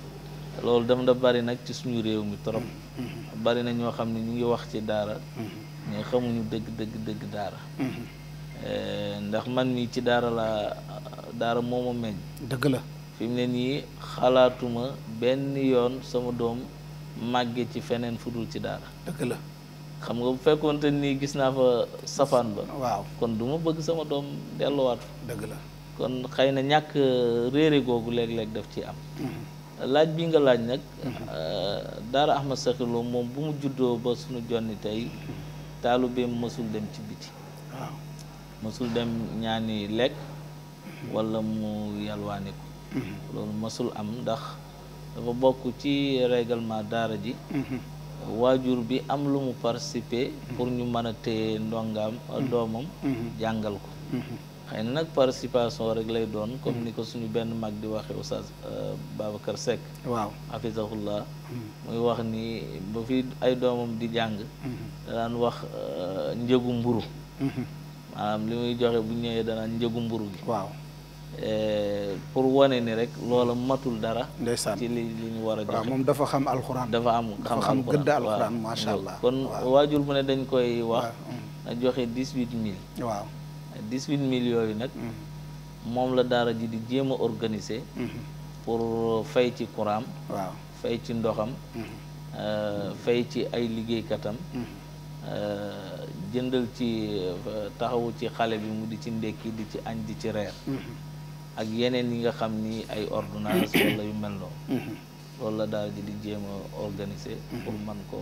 loolu daf na bari nag ci suñu réew mi trop mm-hmm. Mm-hmm. bari na ñoo xam ne ñu ngi wax ci daara mm-hmm. mais xamuñu dëgg dëgg daara eh, ndax man mii ci daara la daara moo ma meññ dëgg la fi ne nii xalaatuma benn yoon sama doom màgge ci feneen fu dul ci daara. dëgg la xam nga bu fekkoonte nii gis naa fa safaan ba. waaw kon du ma bëgg sama doom delluwaat. dëgg la kon xëy na ñàkk réere googu léeg-léeg daf ci am. Mhm. laaj bi nga laaj nag. Mhm. Euh, daara Ahmad Sakhir Lo moom bu mu juddoo ba suñu jonni tey mhm. taalibeem mësul dem ci biti. waaw mësul dem ñaani lekk wala mu yalwaani ko Mm-hmm. loolu masul am ndax dafa bokk ci règlement daara ji mm-hmm. waajur bi am lu mu participer mm-hmm. pour ñu mën a téye ndongaam doomam jàngal ko xëy nag participation rek lay doon comme ni ko suñu benn mag di waxee oustaz euh, Babacar Seck waaw hafizahullah muy wax ni ba fi ay doomam di jàng danaan wax euh, njëgu mburu maanaam li muy joxe bu ñëwee danaan njëgu mburu gi waaw pour wane ni rek loola matul dara. ndeysaan ci li li ñu war joxe moom dafa xam alxuraan. dafa am xam xam gëdd alxuraan macha allah kon waajur bu ne dañ koy wax. Mm. na joxe dix huit mille. yooyu nag. Mm. moom la daara ji di jéem a organiser. Mm-hmm. pour fay ci courant. waaw fay ci ndoxam. Mm-hmm. Euh, fay ci ay liggéeykatam. Mm-hmm. Euh, jëndal ci euh, taxawu ci xale bi mu di ci ndekki di ci añ di ci reer. ak yeneen yi nga xam ni ay ordonnance wala yu mel noonu mhm. loolu la daal ji di jéem a organiser mhm. pour man ko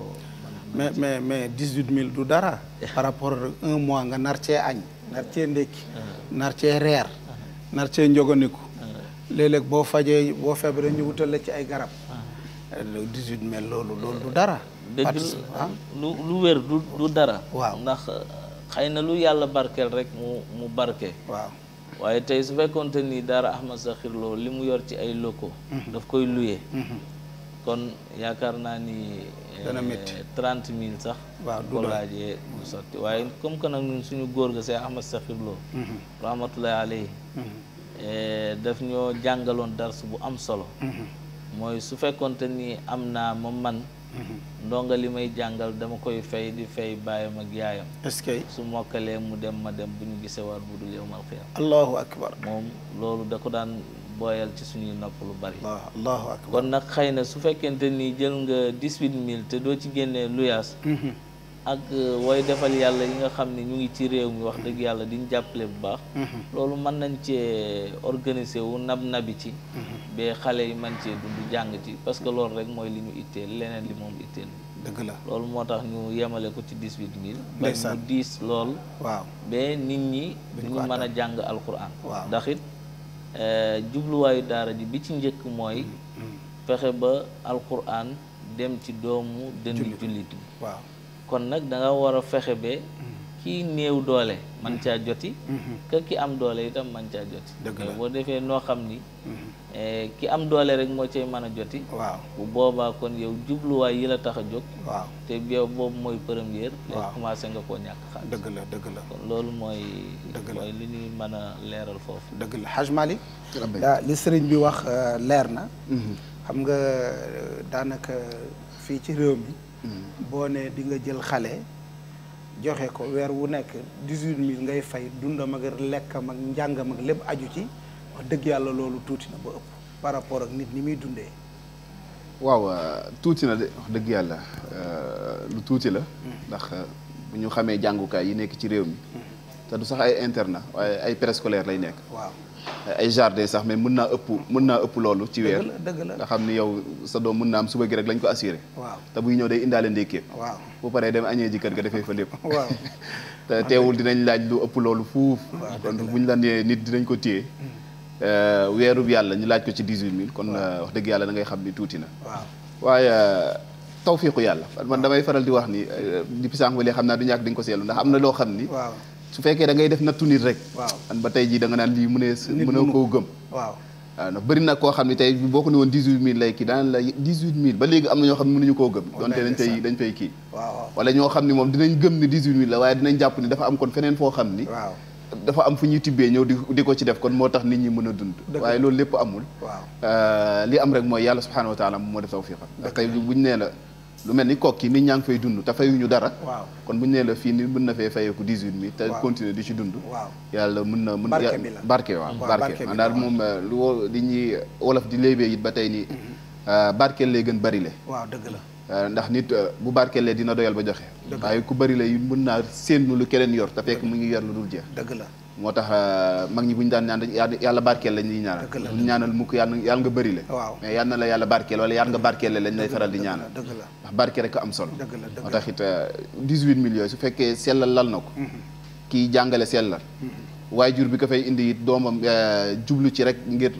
mais mais mais dix huit mille du dara par rapport un mois nga nar cee añ nar cee ndékki uh-huh. nar ce reer uh-huh. nar cee njoganiku uh-huh. léeg boo fajee boo feebaree ñu wutal ci ay garab dix huit mille loolu loolu du dara dëgg ah? lu wér du dara waaw ndax xëy na lu yàlla barkeel rek mu mu barke waaw waaye tey su fekkoon te ni daara Ahmad Sakhir Lo li mu yor ci ay locaux. Mhm. daf koy loué. Mhm. kon yaakaar naa ni. dana eh, métti trente mille sax. waaw du ko laajee sotti waaye comme que nag ñun suñu góor ga see Ahmad Sakhir Lo. Mhm. rahmatullahi alayhi. Eh, daf ñoo jàngaloon dars bu am solo. mooy su fekkoonte ni am naa ma man. ndonga li may jàngal dama koy fay di fay baayam ak yaayam. est-ce que su mokkalee mu dem ma dem bu ñu gisee war bu dul yawmal qiyaam. allahu akbar moom loolu da ko daan booyal ci suñuy nopp lu bari. allahu akbar kon nag xëy na su fekkente ni jël nga dix-huit mille te doo ci génnee luyaas. Mhm. ak euh, woy defal yàlla yi nga xam ne ñu ngi ci réew mi wax dëgg yàlla diñ jàppale bu baax mhm. loolu mën nañ cee organiser wu nab nabi ci mhm. ba xale yi mën cee dund jàng ci parce que loolu rek mooy li ñu itteel leneen li moom itteel dëgg la loolu moo tax ñu yemale ko ci dix-huit mille ba mu diis lool waaw ba nit ñi duñu mën a jàng alquran waaw ndax it euh, jubluwaayu daara ji bi ci njëkk mooy mhm. fexe ba alquran dem ci doomu dënd jullit yi waaw kon nag da war a fexe ba mm-hmm. ki néew doole man caa mm-hmm. joti que mm-hmm. ki am doole itam man caa joti boo defee noo xam ni eh, ki am doole rek moo cay mën a joti waaw bu boobaa kon yow jubluwaay yi la tax a jóg waaw te yow boobu mooy première léegi commencé nga ko ñàkk xaalis dëgg la dëgg la loolu mooy dëgg la mooy ñuy mën a leeral foofu dëgg la Haj Malick li sëriñ bi wax euh, leer na xam nga euh, daanaka fii ci réew mi boo ne di nga jël xale joxe ko weer wu nekk dix-huit mille ngay fay dundam ak lekkam ak njàngam ak lépp aju ci wax dëgg yàlla loolu tuuti na ba ëpp par rapport ak nit ni muy dundee waaw euh, tuuti na de wax dëgg yàlla euh, lu tuuti la mm. ndax euh, bu ñu xamee jàngukaay yi nekk ci réew mi mm. te du sax ay internat waaye ay préscolaire lay nekk waaw ay jardin sax mais mën naa ëpp mën naa ëpp loolu ci weer nga xam ni yow sa doom mun naa am suba gi rek lañ ko assurer waaw te buy ñëw day indaale ndékkeem waaw bu paree dem añee ji kër ga defee fa lépp waaw teewul dinañ laaj lu ëpp loolu fuuf kon bu ñu la nee nit dinañ ko téye hmm. euh, weerub yàlla ñu laaj ko ci 18000 kon euh, wax dëgg yàlla da ngay xam ni tuuti na waaye euh, tawfiiqu yàlla man damay faral di wax ni di pisang ba lee xam naa du ñàkk di ko seelu ndax am na loo xam ni su fekkee da ngay def nattu nit rek. waaw an ba tey jii da nga naan lii mu ne. mënoo koo gëm waaw. Ah, ndax bëri na koo xam ne tey boo ko ne woon dix huit mille lay kii daan la dix huit mille ba léegi am na ñoo xam gëm wala ñoo xam ne moom dinañ gëm ni dix huit la waaye dinañ jàpp ni dafa am kon feneen foo xam ni dafa am fu ñuy tibbee ñëw di di ko ci def kon moo tax nit ñi mën a dund waaye loolu lépp amul ah, li am rek mooy yàlla subhanahu wa taala moo def tawfiqa ndax tey buñ nee la lu mel ni kokki nit ñaa ngi fay dund te fayuñu dara. waaw kon bu ñu la fii nii mën na fee fayeeku dix huit mille. te continuer di ci dund. waaw yàlla mën na mën barke bi la barke waaw. barke man daal moom eh, lu woo li ñuy wolof di léebee it ba tey nii. Mhm. Eh, barkeel lay gën bari le. waaw dëgg la. Eh, ndax nit bu lee dina doyal ba joxe. waaye ku bari la yi mën naa séenu lu keneen yor te fekk mu ngi yor lu dul jeex. dëgg la moo tax euh, mag ñi bu ñu daan ñaan yàlla barkeel lañ ñuy ñaanal ñu ñaanal mukk yàlla yàlla nga bëri la waaw mais yàlla na la yàlla barkeel wala yàlla nga barkeel la lañ lay faral di ñaanal ndax barke rek am solo moo tax it 18 euh, millions su fekkee sellal lal na ko mm-hmm. kii jàngale sellal mm-hmm. waaye jur bi ka fay indi it doomam euh, jublu ci rek ngir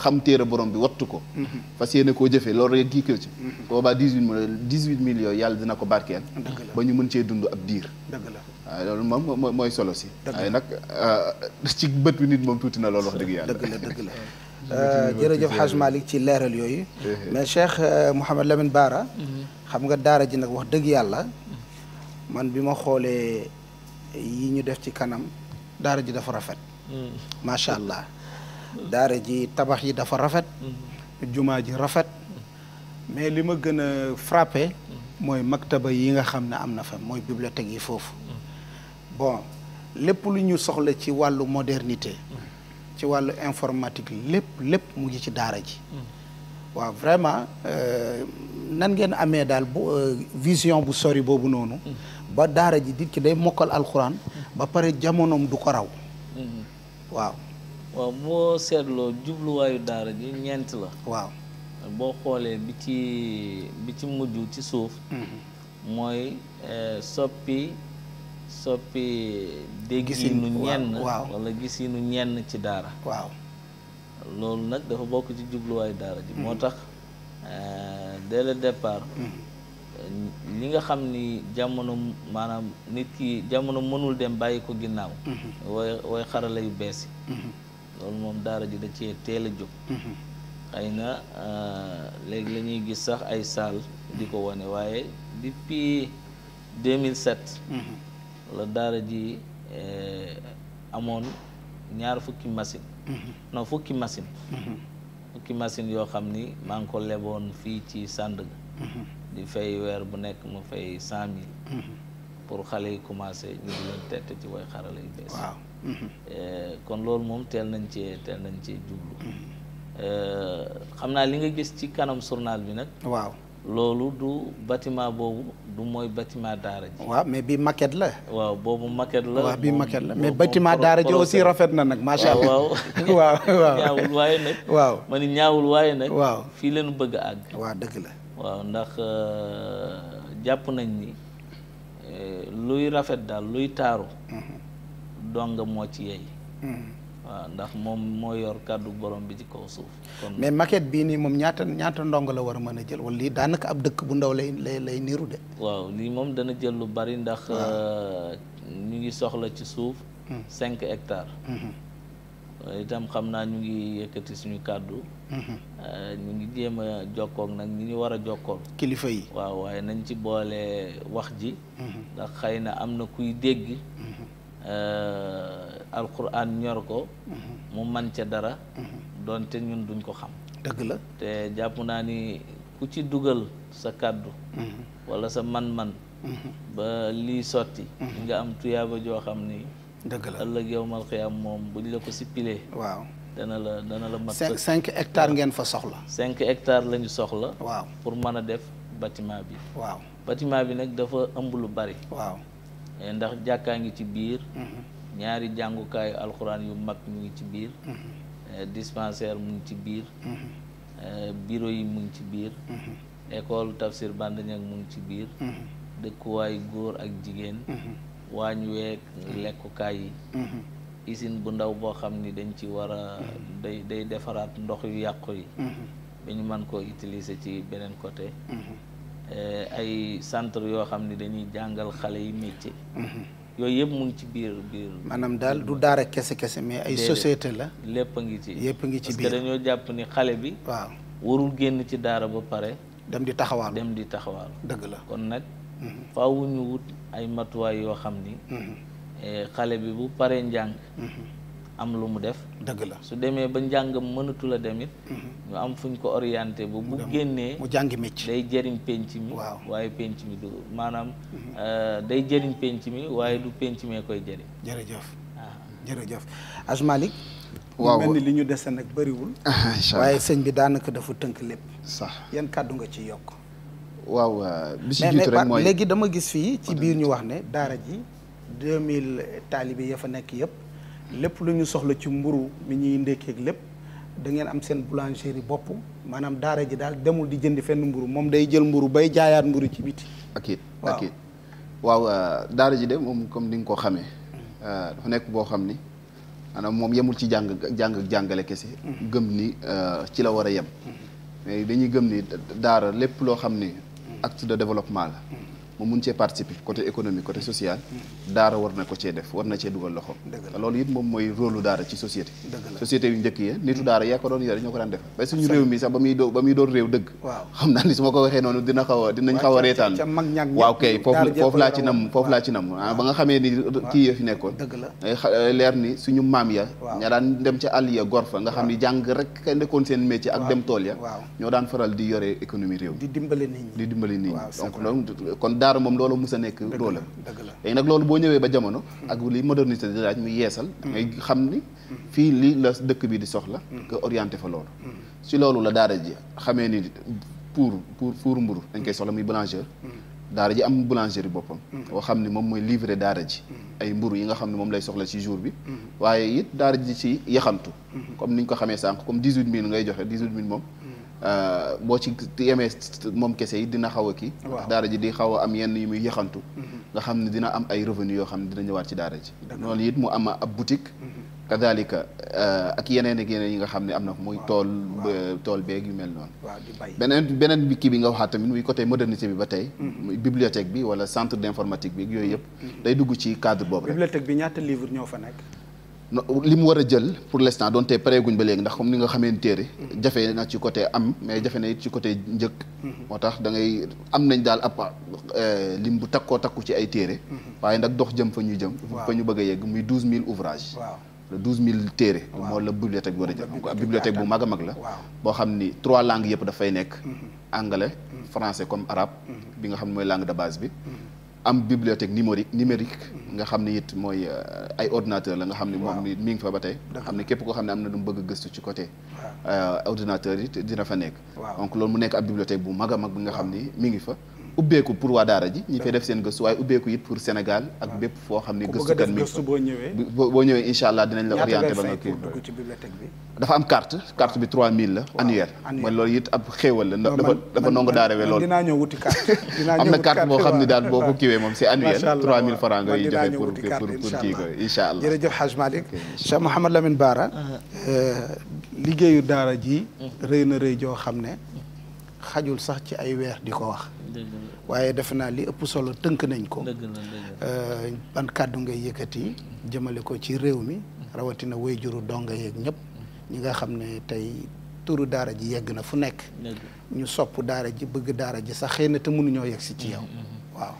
xam téere borom bi wattu ko mm-hmm. fas yéene koo jëfee loolu rek kii ko ci boobaa 18 millions millions yàlla dina ko barkeel ba ñu mën cee dund ab diir dëgg la waaw loolu moom mooy solo si. waaye nag euh, ci bët bi nit moom tuuti na loolu wax dëgg yàlla. dëgg la dëgg la euh, jërëjëf Hadj Malick ci leeral yooyu. Eh, eh. mais Cheikh euh, Mouhamed Lamine Baara. Mhm. xam nga daara ji nag wax dëgg yàlla. man bi ma xoolee yi ñu def ci kanam daara ji dafa rafet. Mm. macha allah daara ji tabax yi dafa rafet. Mm-hmm. jumaa ji rafet. mais li ma gën a frappé. Mm-hmm. mooy maktaba yi nga xam ne am na fa mooy bibliothèque yi foofu. Mm-hmm. bon lépp lu ñu soxla ci wàllu modernité ci wàllu informatique lépp lépp mu ngi ci daara ji waaw vraiment euh, nan ngeen amee daal bu euh, vision bu sori boobu noonu ba daara ji dit ki day mokkal alxuraan ba pare jamonoom du ko raw waaw boo seetloo jubluwaayu daara ji ñeent la waaw boo xoolee bi ci bi ci mujj ci suuf mhm. mooy euh, soppi soppi dégginu ñenn waaw wala gisinu ñenn ci daara waaw loolu nag dafa bokk ci jubluwaayu daara ji moo mm-hmm. tax euh, dès le départ li mm-hmm. nga xam ni jamono maanaam nit ki jamono mënul dem bàyyi ko ginnaaw mm-hmm. way woy xarala yu bees yi loolu moom daara ji da cee teel a jóg xëy na euh, léegi lañuy gis sax ay saal di ko wane waaye depuis 2007 la daara ji eh, amoon ñaar fukki machine mm-hmm. non fukki machine mm-hmm. fukki machine yoo xam ni maa ngi ko leboon fii ci Sandaga mm-hmm. di fay weer bu nekk mu fay cent mille pour xale yi commencé ñu di leen tette ci way xarala bees waaw eh, kon loolu moom teel nañ cee teel nañ cee jublu eh, xam naa li nga gis ci kanam journal bi nag waaw loolu du batiment boobu du mooy batiment daara ji. waaw mais bi maquette la. waaw boobu maquette la. waaw bi la mais bâtiment daara ji aussi rafet na nag. ma allah waaw ñaawul waaye nag. waaw ma ñaawul waaye nag. waaw fii leen bëgg a àgg. waaw dëgg la. waaw ndax euh, jàpp nañ ni euh, luy rafet daal luy taaru. Mhm. donga moo ci yey. Mhm. waaw ndax moom moo yor kàddu borom bi ci kaw suuf. mais maquette bii nii moom ñaata ñaata ndongo la war a mën a jël wala lii daanaka ab dëkk bu ndaw lay lay lay niru de. waaw lii moom dana jël lu bari ndax. Euh, ñu ngi soxla ci suuf. Hmm. cinq hectares. Hmm. Euh, itam xam naa ñu ngi yëkkati suñu kàddu. Hmm. Euh, ñu ngi jéem a jokkoog nag ñi ngi war a jokkool. kilifa yi waaw waaye nañ ci boole wax ji. ndax xëy na am na kuy dégg. Euh, alquran ñor ko mhm. mu man ca dara mhm. doonte ñun duñ ko xam dëgg la te jàpp naa ni ku ci dugal sa kàddu mhm. wala sa man-man ba lii sotti nga am tuyaaba joo xam ni dëgg la ëllëg yowmal am moom buñ la ko sippilee waaw dana la dana la mat cinq cinq hectares ngeen fa soxla cinq hectares la soxla waaw pour mën a def bâtiment bi waaw bâtiment bi nag dafa ëmb lu bari Eh, ndax jàkkaa ngi ci biir mhm. ñaari jàngukaayu alxuraan yu mag mhm. eh, mu ngi ci biir dispensaire mu ci biir bureau yi mu ngi ci biir mhm. école tafsir bandañak mu ngi ci biir dëkkuwaay góor ak jigéen waañ week lekkukaay yi usine bu ndaw boo xam ni dañ ci war a day day defaraat ndox yu yàqu yi ba ñu mën koo utiliser ci beneen côté Euh, ay centre yoo xam ne dañuy jàngal xale yi métier. Mhm. yooyu yëpp mu ngi ci biir biir. maanaam daal du daara kese kese mais ay société la. lépp a ngi ci yëpp a ngi ci biir dañoo jàpp ni xale bi. waaw warul génn ci daara ba pare. dem di taxawaal dem di taxawaal. dëgg la kon nag. Mhm. faaw wut ay matuwaay yoo xam ni. Mhm. Eh, xale bi bu paree njàng. am lu mu def. dëgg la su demee ba njàngam mënatu la demit mhm. ñu am fuñ ko orienté ba bu génnee. mu jàngi mécc day jëriñ penc mi. waaw waaye penc mi du maanaam. Mhm. Euh, day jëriñ penc mi waaye du penc mee koy jëriñ. jërëjëf ah. jërëjëf Aj Malick ni li ñu dese nag bëriwul. Ah, waaye sëñ bi daanaka dafa tënk lépp. sax yan kàddu nga ci yokk. waaw euh, bi si jiitu rek mooy léegi dama gis fii ci biir ñu wax ne daara ji 2000 taalibe ya fa nekk yëpp. lépp lu ñu soxla ci mburu mi ñuy ndékkeeg lépp da ngeen am seen boulangerie bopp maanaam daara ji daal demul di jëndi fenn mburu moom day jël mburu bay jaayaat mburu ci biti ak it ak it waaw euh, daara ji de moom comme ni nga ko xamee euh, dafa nekk boo xam ni maanaam moom yemul ci jàng jàng jàngale kese mm-hmm. gëm ni euh, ci la war a yem mm-hmm. mais dañuy gëm ni daara lépp loo xam ni mm-hmm. acte de développement la mu mun cee participer côté économique côté social daara war na ko cee def war na cee dugal loxo loolu it moom mooy rôlu daara ci société société yu njëkk yi nitu daara yaa ko doon yore ñoo ko daan def ba suñu réew mi sax ba muy doo ba muy doon réew dëgg waaw xam naa ni su ma ko waxee noonu dina xaw a dinañ xaw reetaan waaw kay foofu laa ci nam foofu laa ba nga xamee ni kii ya fi nekkoon leer ni suñu maam ya ña daan dem ca àll ya gor nga xam ni jàng rek ka nekkoon seen métier ak dem tool ya ñoo daan faral di yore économie réew di dimbali nit di dimbali nit ñi donc daara moom loolu mus a loolu boo ñëwee ba jamono ak li modernité di laaj muy yeesal mm. mm. dëkk bi di soxla mm. nga orienté fa loolu si loolu la daara ji ni pour pour pour mburu dañ koy soxla muy boulanger daara ji am boulangerie boppam boo xam ne moom mooy livrer daara ji ay mburu yi nga xam ne moom lay soxla ci jour bi waaye it daara ji ci yaxantu comme niñ ko xamee sànq comme dix-huit mille ngay joxe dix-huit mille moom Euh, boo ci yemee moom kese yi dina xaw a kii. ndax daara ji di xaw a am yenn yu muy yaxantu. Mm-hmm. nga xam ne dina am ay revenu yoo xam ne dina ñëwaat ci daara ji. noonu it mu am ab boutique. Mm-hmm. kadalika euh, ak yeneen ak yeneen yi nga xam ne am na muy tool tool beeg yu mel noonu. beneen beneen bi kii bi nga waxaat tamit muy côté modernité bi ba tey. Mm-hmm. muy bi wala centre d'informatique bi yooyu yëpp. day dugg ci cadre boobu rek. bibliothèque bi ñaata livre ñoo fa nekk. li mu war a jël pour l'instant doonte pareeguñ ba léegi ndax comme ni nga xamee ni téere jafe na ci côté am mais jafe na ci côté njëkk mm-hmm. moo tax da ngay am nañ daal ab eh, lim bu takkoo takku ci ay téere mm-hmm. waaye nag dox jëm fa ñu jëm fa ñu bëgg a yegg muy douze mille ouvrages waaw le douze mille téere moo la bibliothèque bi war a jël bibliothèque bu mag a mag la boo xam ni trois langues yëpp dafay nekk mm-hmm. anglais français comme arabe bi nga xam ne mooy langue de base bi am bibliothèque numérique numérique nga xam ne it mooy euh, ay ordinateur la nga xam ne moom mi ngi fa ba tey nga xam ne képp koo xam ne am na lu mu bëgg a gëstu ci côté euh, ordinateur it dina fa nekk donc loolu mu nekk ab bibliothèque bu mag a mag bi nga xam ni mi ngi fa ubbeeku pour waa daara ji ñi fay def seen gëstu waaye ubbeeku it pour Sénégal ak bépp foo xam ne gëstukat mi boo ñëwee incha allah dinañ la orienté ba nga kii dafa am carte carte bi 3000 la annuelle man loolu it ab xéewal la dafa nongo daarawee loolu dinaa am na carte boo xam ne daal boo ko kiiwee moom c'est annuel 3000 francs nga pour kii ko incha allah jërëjëf Hadj Malick Cheikh uh-huh. euh, liggéeyu daara ji uh-huh. rëy na rëy joo xam ne xajul sax ci ay weer di ko wax waaye defe naa li ëpp solo tënk nañ ko euh, ban kàddu ngay yëkkati jëmale ko ci réew mi rawatina wayjuru donga yeeg ñëpp ñi nga xam ne tey turu daara ji yegg na fu nekk ñu sopp daara ji bëgg daara ji sax xëy na te mënuñoo yegg si ci mm-hmm. yaw waaw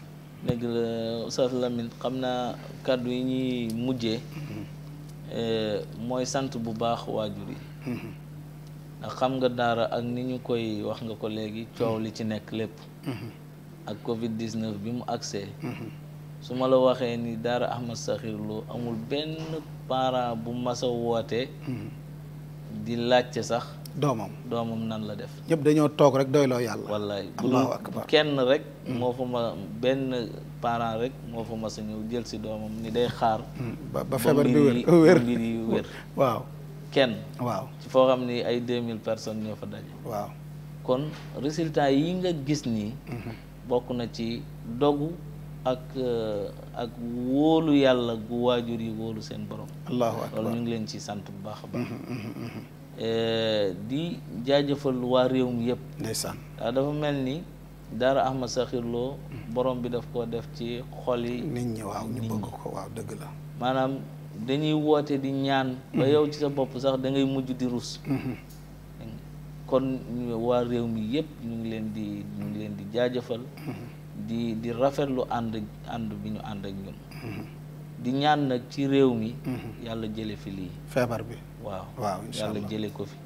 dëgg la Oustaz Lamine xam naa kàddu yi ñuy mujjee mm-hmm. euh, mooy sant bu baax waajur yi mm-hmm. ndax xam nga daara ak ni ñu koy wax nga ko léegi coow li ci nekk lépp mhm. ak covid 19 bi mu agsee mhm. su ma la waxee ni daara Ahmad Sakhir Lo amul benn parent bu mas a wootee mhm. di laajte sax doomam doomam nan la def ñëpp dañoo toog rek doyloo yàlla wallaay bu kenn rek moo fa ma benn parent rek moo fa mas ñëw jël si doomam ni day xaar ba feebar bi wér mbir yi wér waaw kenn. waaw foo xam ni ay mille personnes ñoo fa daje. waaw kon résultat yi nga gis nii. Mhm. bokk na ci dogu ak euh, ak wóolu yàlla gu waajur yi wóolu seen borom. allahu loolu ñu ngi leen ci sant bu baax a baax. Mhm, mhm, euh, di jaajëfal waa réew mi yëpp. ndeysaan dafa mel ni. Daara Ahmad saxirloo Lo borom bi daf koo def ci xol yi. nit ñi waaw ñu bëgg ko waaw dëgg la. maanaam dañuy woote di ñaan ba mhm. yow ci sa bopp sax dangay mujj di rus mhm. kon waa réew mi yëpp ñu ngi leen di ñu ngi leen di jaajëfal mhm. di di rafetlu ànd ànd bi ñu ànd ak ñun di ñaan nag ci réew mi yàlla jële fi lii feebar bi waaw waaw yàlla jële ko fi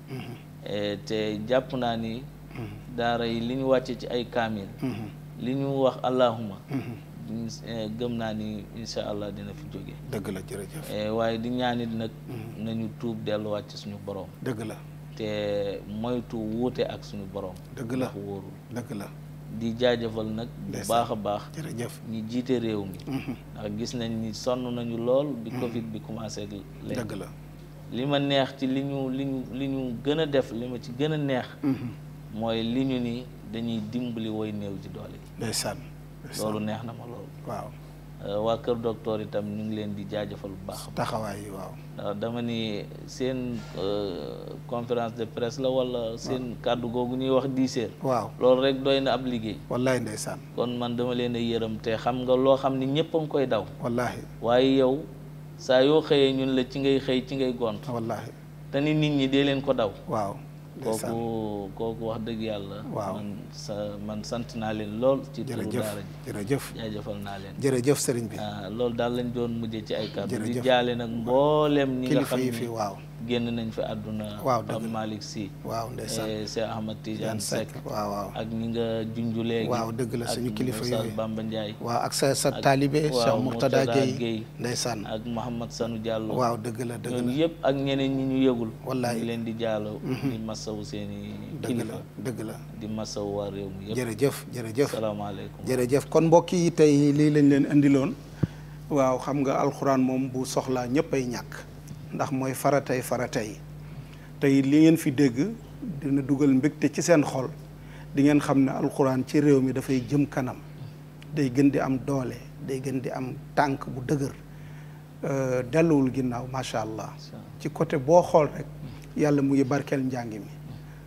e, te jàpp naa ni daara yi li ñu wàcce ci ay kaamil li ñu wax allahuma Eh, gëm naa ni incha allah dina fi jóge dëgg la jërëjëf eh, waaye di ñaanit nag mm-hmm. nañu tuub delluwaat ci suñu borom dëgg la te moytu wuute ak suñu borom dëgg la wóorul dëgg la di jaajëfal nag bu baax a baax jërëjëf ñi jiite réew mi mm-hmm. ndax gis nañ ni sonn nañu lool bi mm-hmm. covid bi commencé léegi dëgg la li ma neex ci li ñu li ñu li ñu gën a def li ma ci gën a neex mooy li ñu ni dañuy dimbali woy néew ci doole yi loolu neex na ma loolu waaw euh, waa kër docteur itam ñu ngi leen di jaajëfal bu baax taxawaay yi waaw dama ni seen euh, conférence de presse la wala seen kàddu googu ñuy wax diiseer waaw loolu rek doy na ab liggéey wallaay ndeysaan kon man dama leen a yërëm te xam nga loo xam ni ñëpp a koy daw wallaahi waaye yow saa yoo xëyee ñun la ci ngay xëy ci ngay gont wallaahi te nit ñi dee leen ko daw waaw kooku kooku wax dëgg yàlla. waaw man sa man sant naa leen lool. ci turu daara ji jërëjëf jaajëfal naa leen. jërëjëf sëriñ bi. Ah, loolu daal lañ doon mujjee ci ay kàddu. jërëjëf di jaale nag mbooleem. ñi nga xam ne waaw. génn nañ fi àdduna waaw dëgg Malick Sy waaw ndeysaan eh, Cheikh Ahmad Tidiane Seck waaw waaw ak ñi nga junju waaw dëgg la suñu kilifa yooyu Bamba Ndiaye waaw ak sa sa taalibe Cheikh Mourtada Gueye ndeysaan ak Mouhamad Sanu Diallo waaw dëgg la dëgg la yëpp ak ñeneen ñi ñu yëgul wallaay leen di jaallo mhm. di masawu seen i kilifa dëgg la di masawu waa réew mi yëpp jërëjëf jërëjëf salaamaaleykum jërëjëf kon mbokk yi tey lii lañ leen indiloon waaw xam nga alxuraan moom bu soxlaa ñëpp ay ñàkk ndax mooy faratay farata yi tey li ngeen fi dégg dina dugal mbégte ci seen xol di ngeen xam ne alxuraan ci réew mi dafay jëm kanam day gën di am doole day gën di am tànk bu dëgër euh, delluwul ginnaaw macha allah ci côté boo xool rek yàlla muy ngi barkeel njàng mi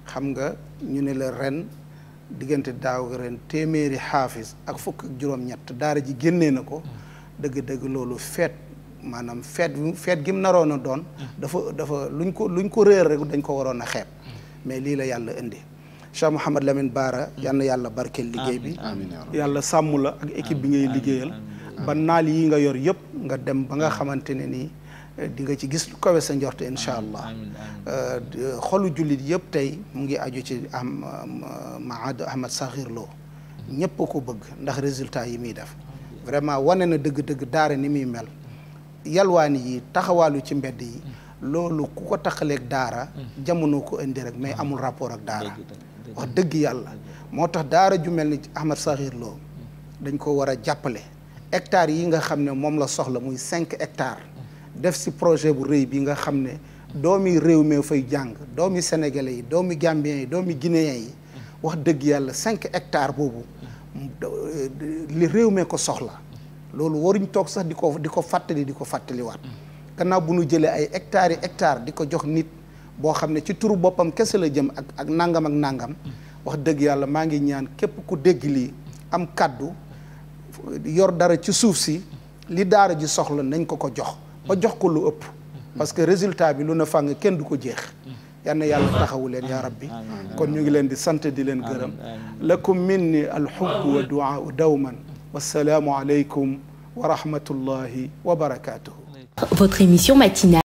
xam nga ñu ne la ren diggante daaw ren téeméeri xaafis ak fukk ak juróom-ñett daara ji génnee na ko dëgg-dëgg loolu feet maanaam feet feet gi mu naroon a doon dafa dafa luñ ko luñ ko réer rek dañ ko waroon a xeeb mais lii la yàlla indi Cheikh Mouhamad Lamine Baara yal yàlla barkeel liggéey bi yàlla sàmm la ak équipe bi ngay liggéeyal ba naal yi nga yor yëpp nga dem ba nga xamante ne nii di nga ci gis lu sa njort incha allah euh, xolu jullit yëpp tey mu ngi aju ci am Maad Ahmad Sakhir Lo ñëpp ko bëgg ndax résultat yi muy def vraiment wane na dëgg-dëgg daara ni muy mel yalwaani yi taxawaalu ci mbedd yi loolu ku ko taxaleeg daara jamono ko indi rek mais amul rapport ak daara wax dëgg yàlla moo tax daara ju mel ni Ahmed Sakhir Lo dañ ko war a jàppale hectares yi nga xam ne moom la soxla muy cinq hectares def si projet bu rëy bi nga xam ne doomi réew mi fay jàng doomi sénégalais yi doomi gambiens yi doomi guinéens yi wax dëgg yàlla cinq hectares boobu euh, li réew mee ko soxla loolu waruñ toog sax di ko di ko fàttali di ko fàttaliwaat gannaaw bu ñu jëlee ay hectares yi di ko jox nit boo xam ne ci turu boppam kese la jëm ak ak nangam ak nangam wax dëgg yàlla maa ngi ñaan képp ku dégg lii am kàddu yor dara ci suuf si li daara ji soxla nañ ko ko jox ba jox ko lu ëpp parce que résultat bi lu na fàng kenn du ko jeex yal na yàlla taxawu leen yaa bi kon ñu ngi leen di sant di leen gërëm ko minni alxubbu wa duaa dawman wassalaamu aleykum wa rahmatullahi wa barakatuhu. Votre émission matinale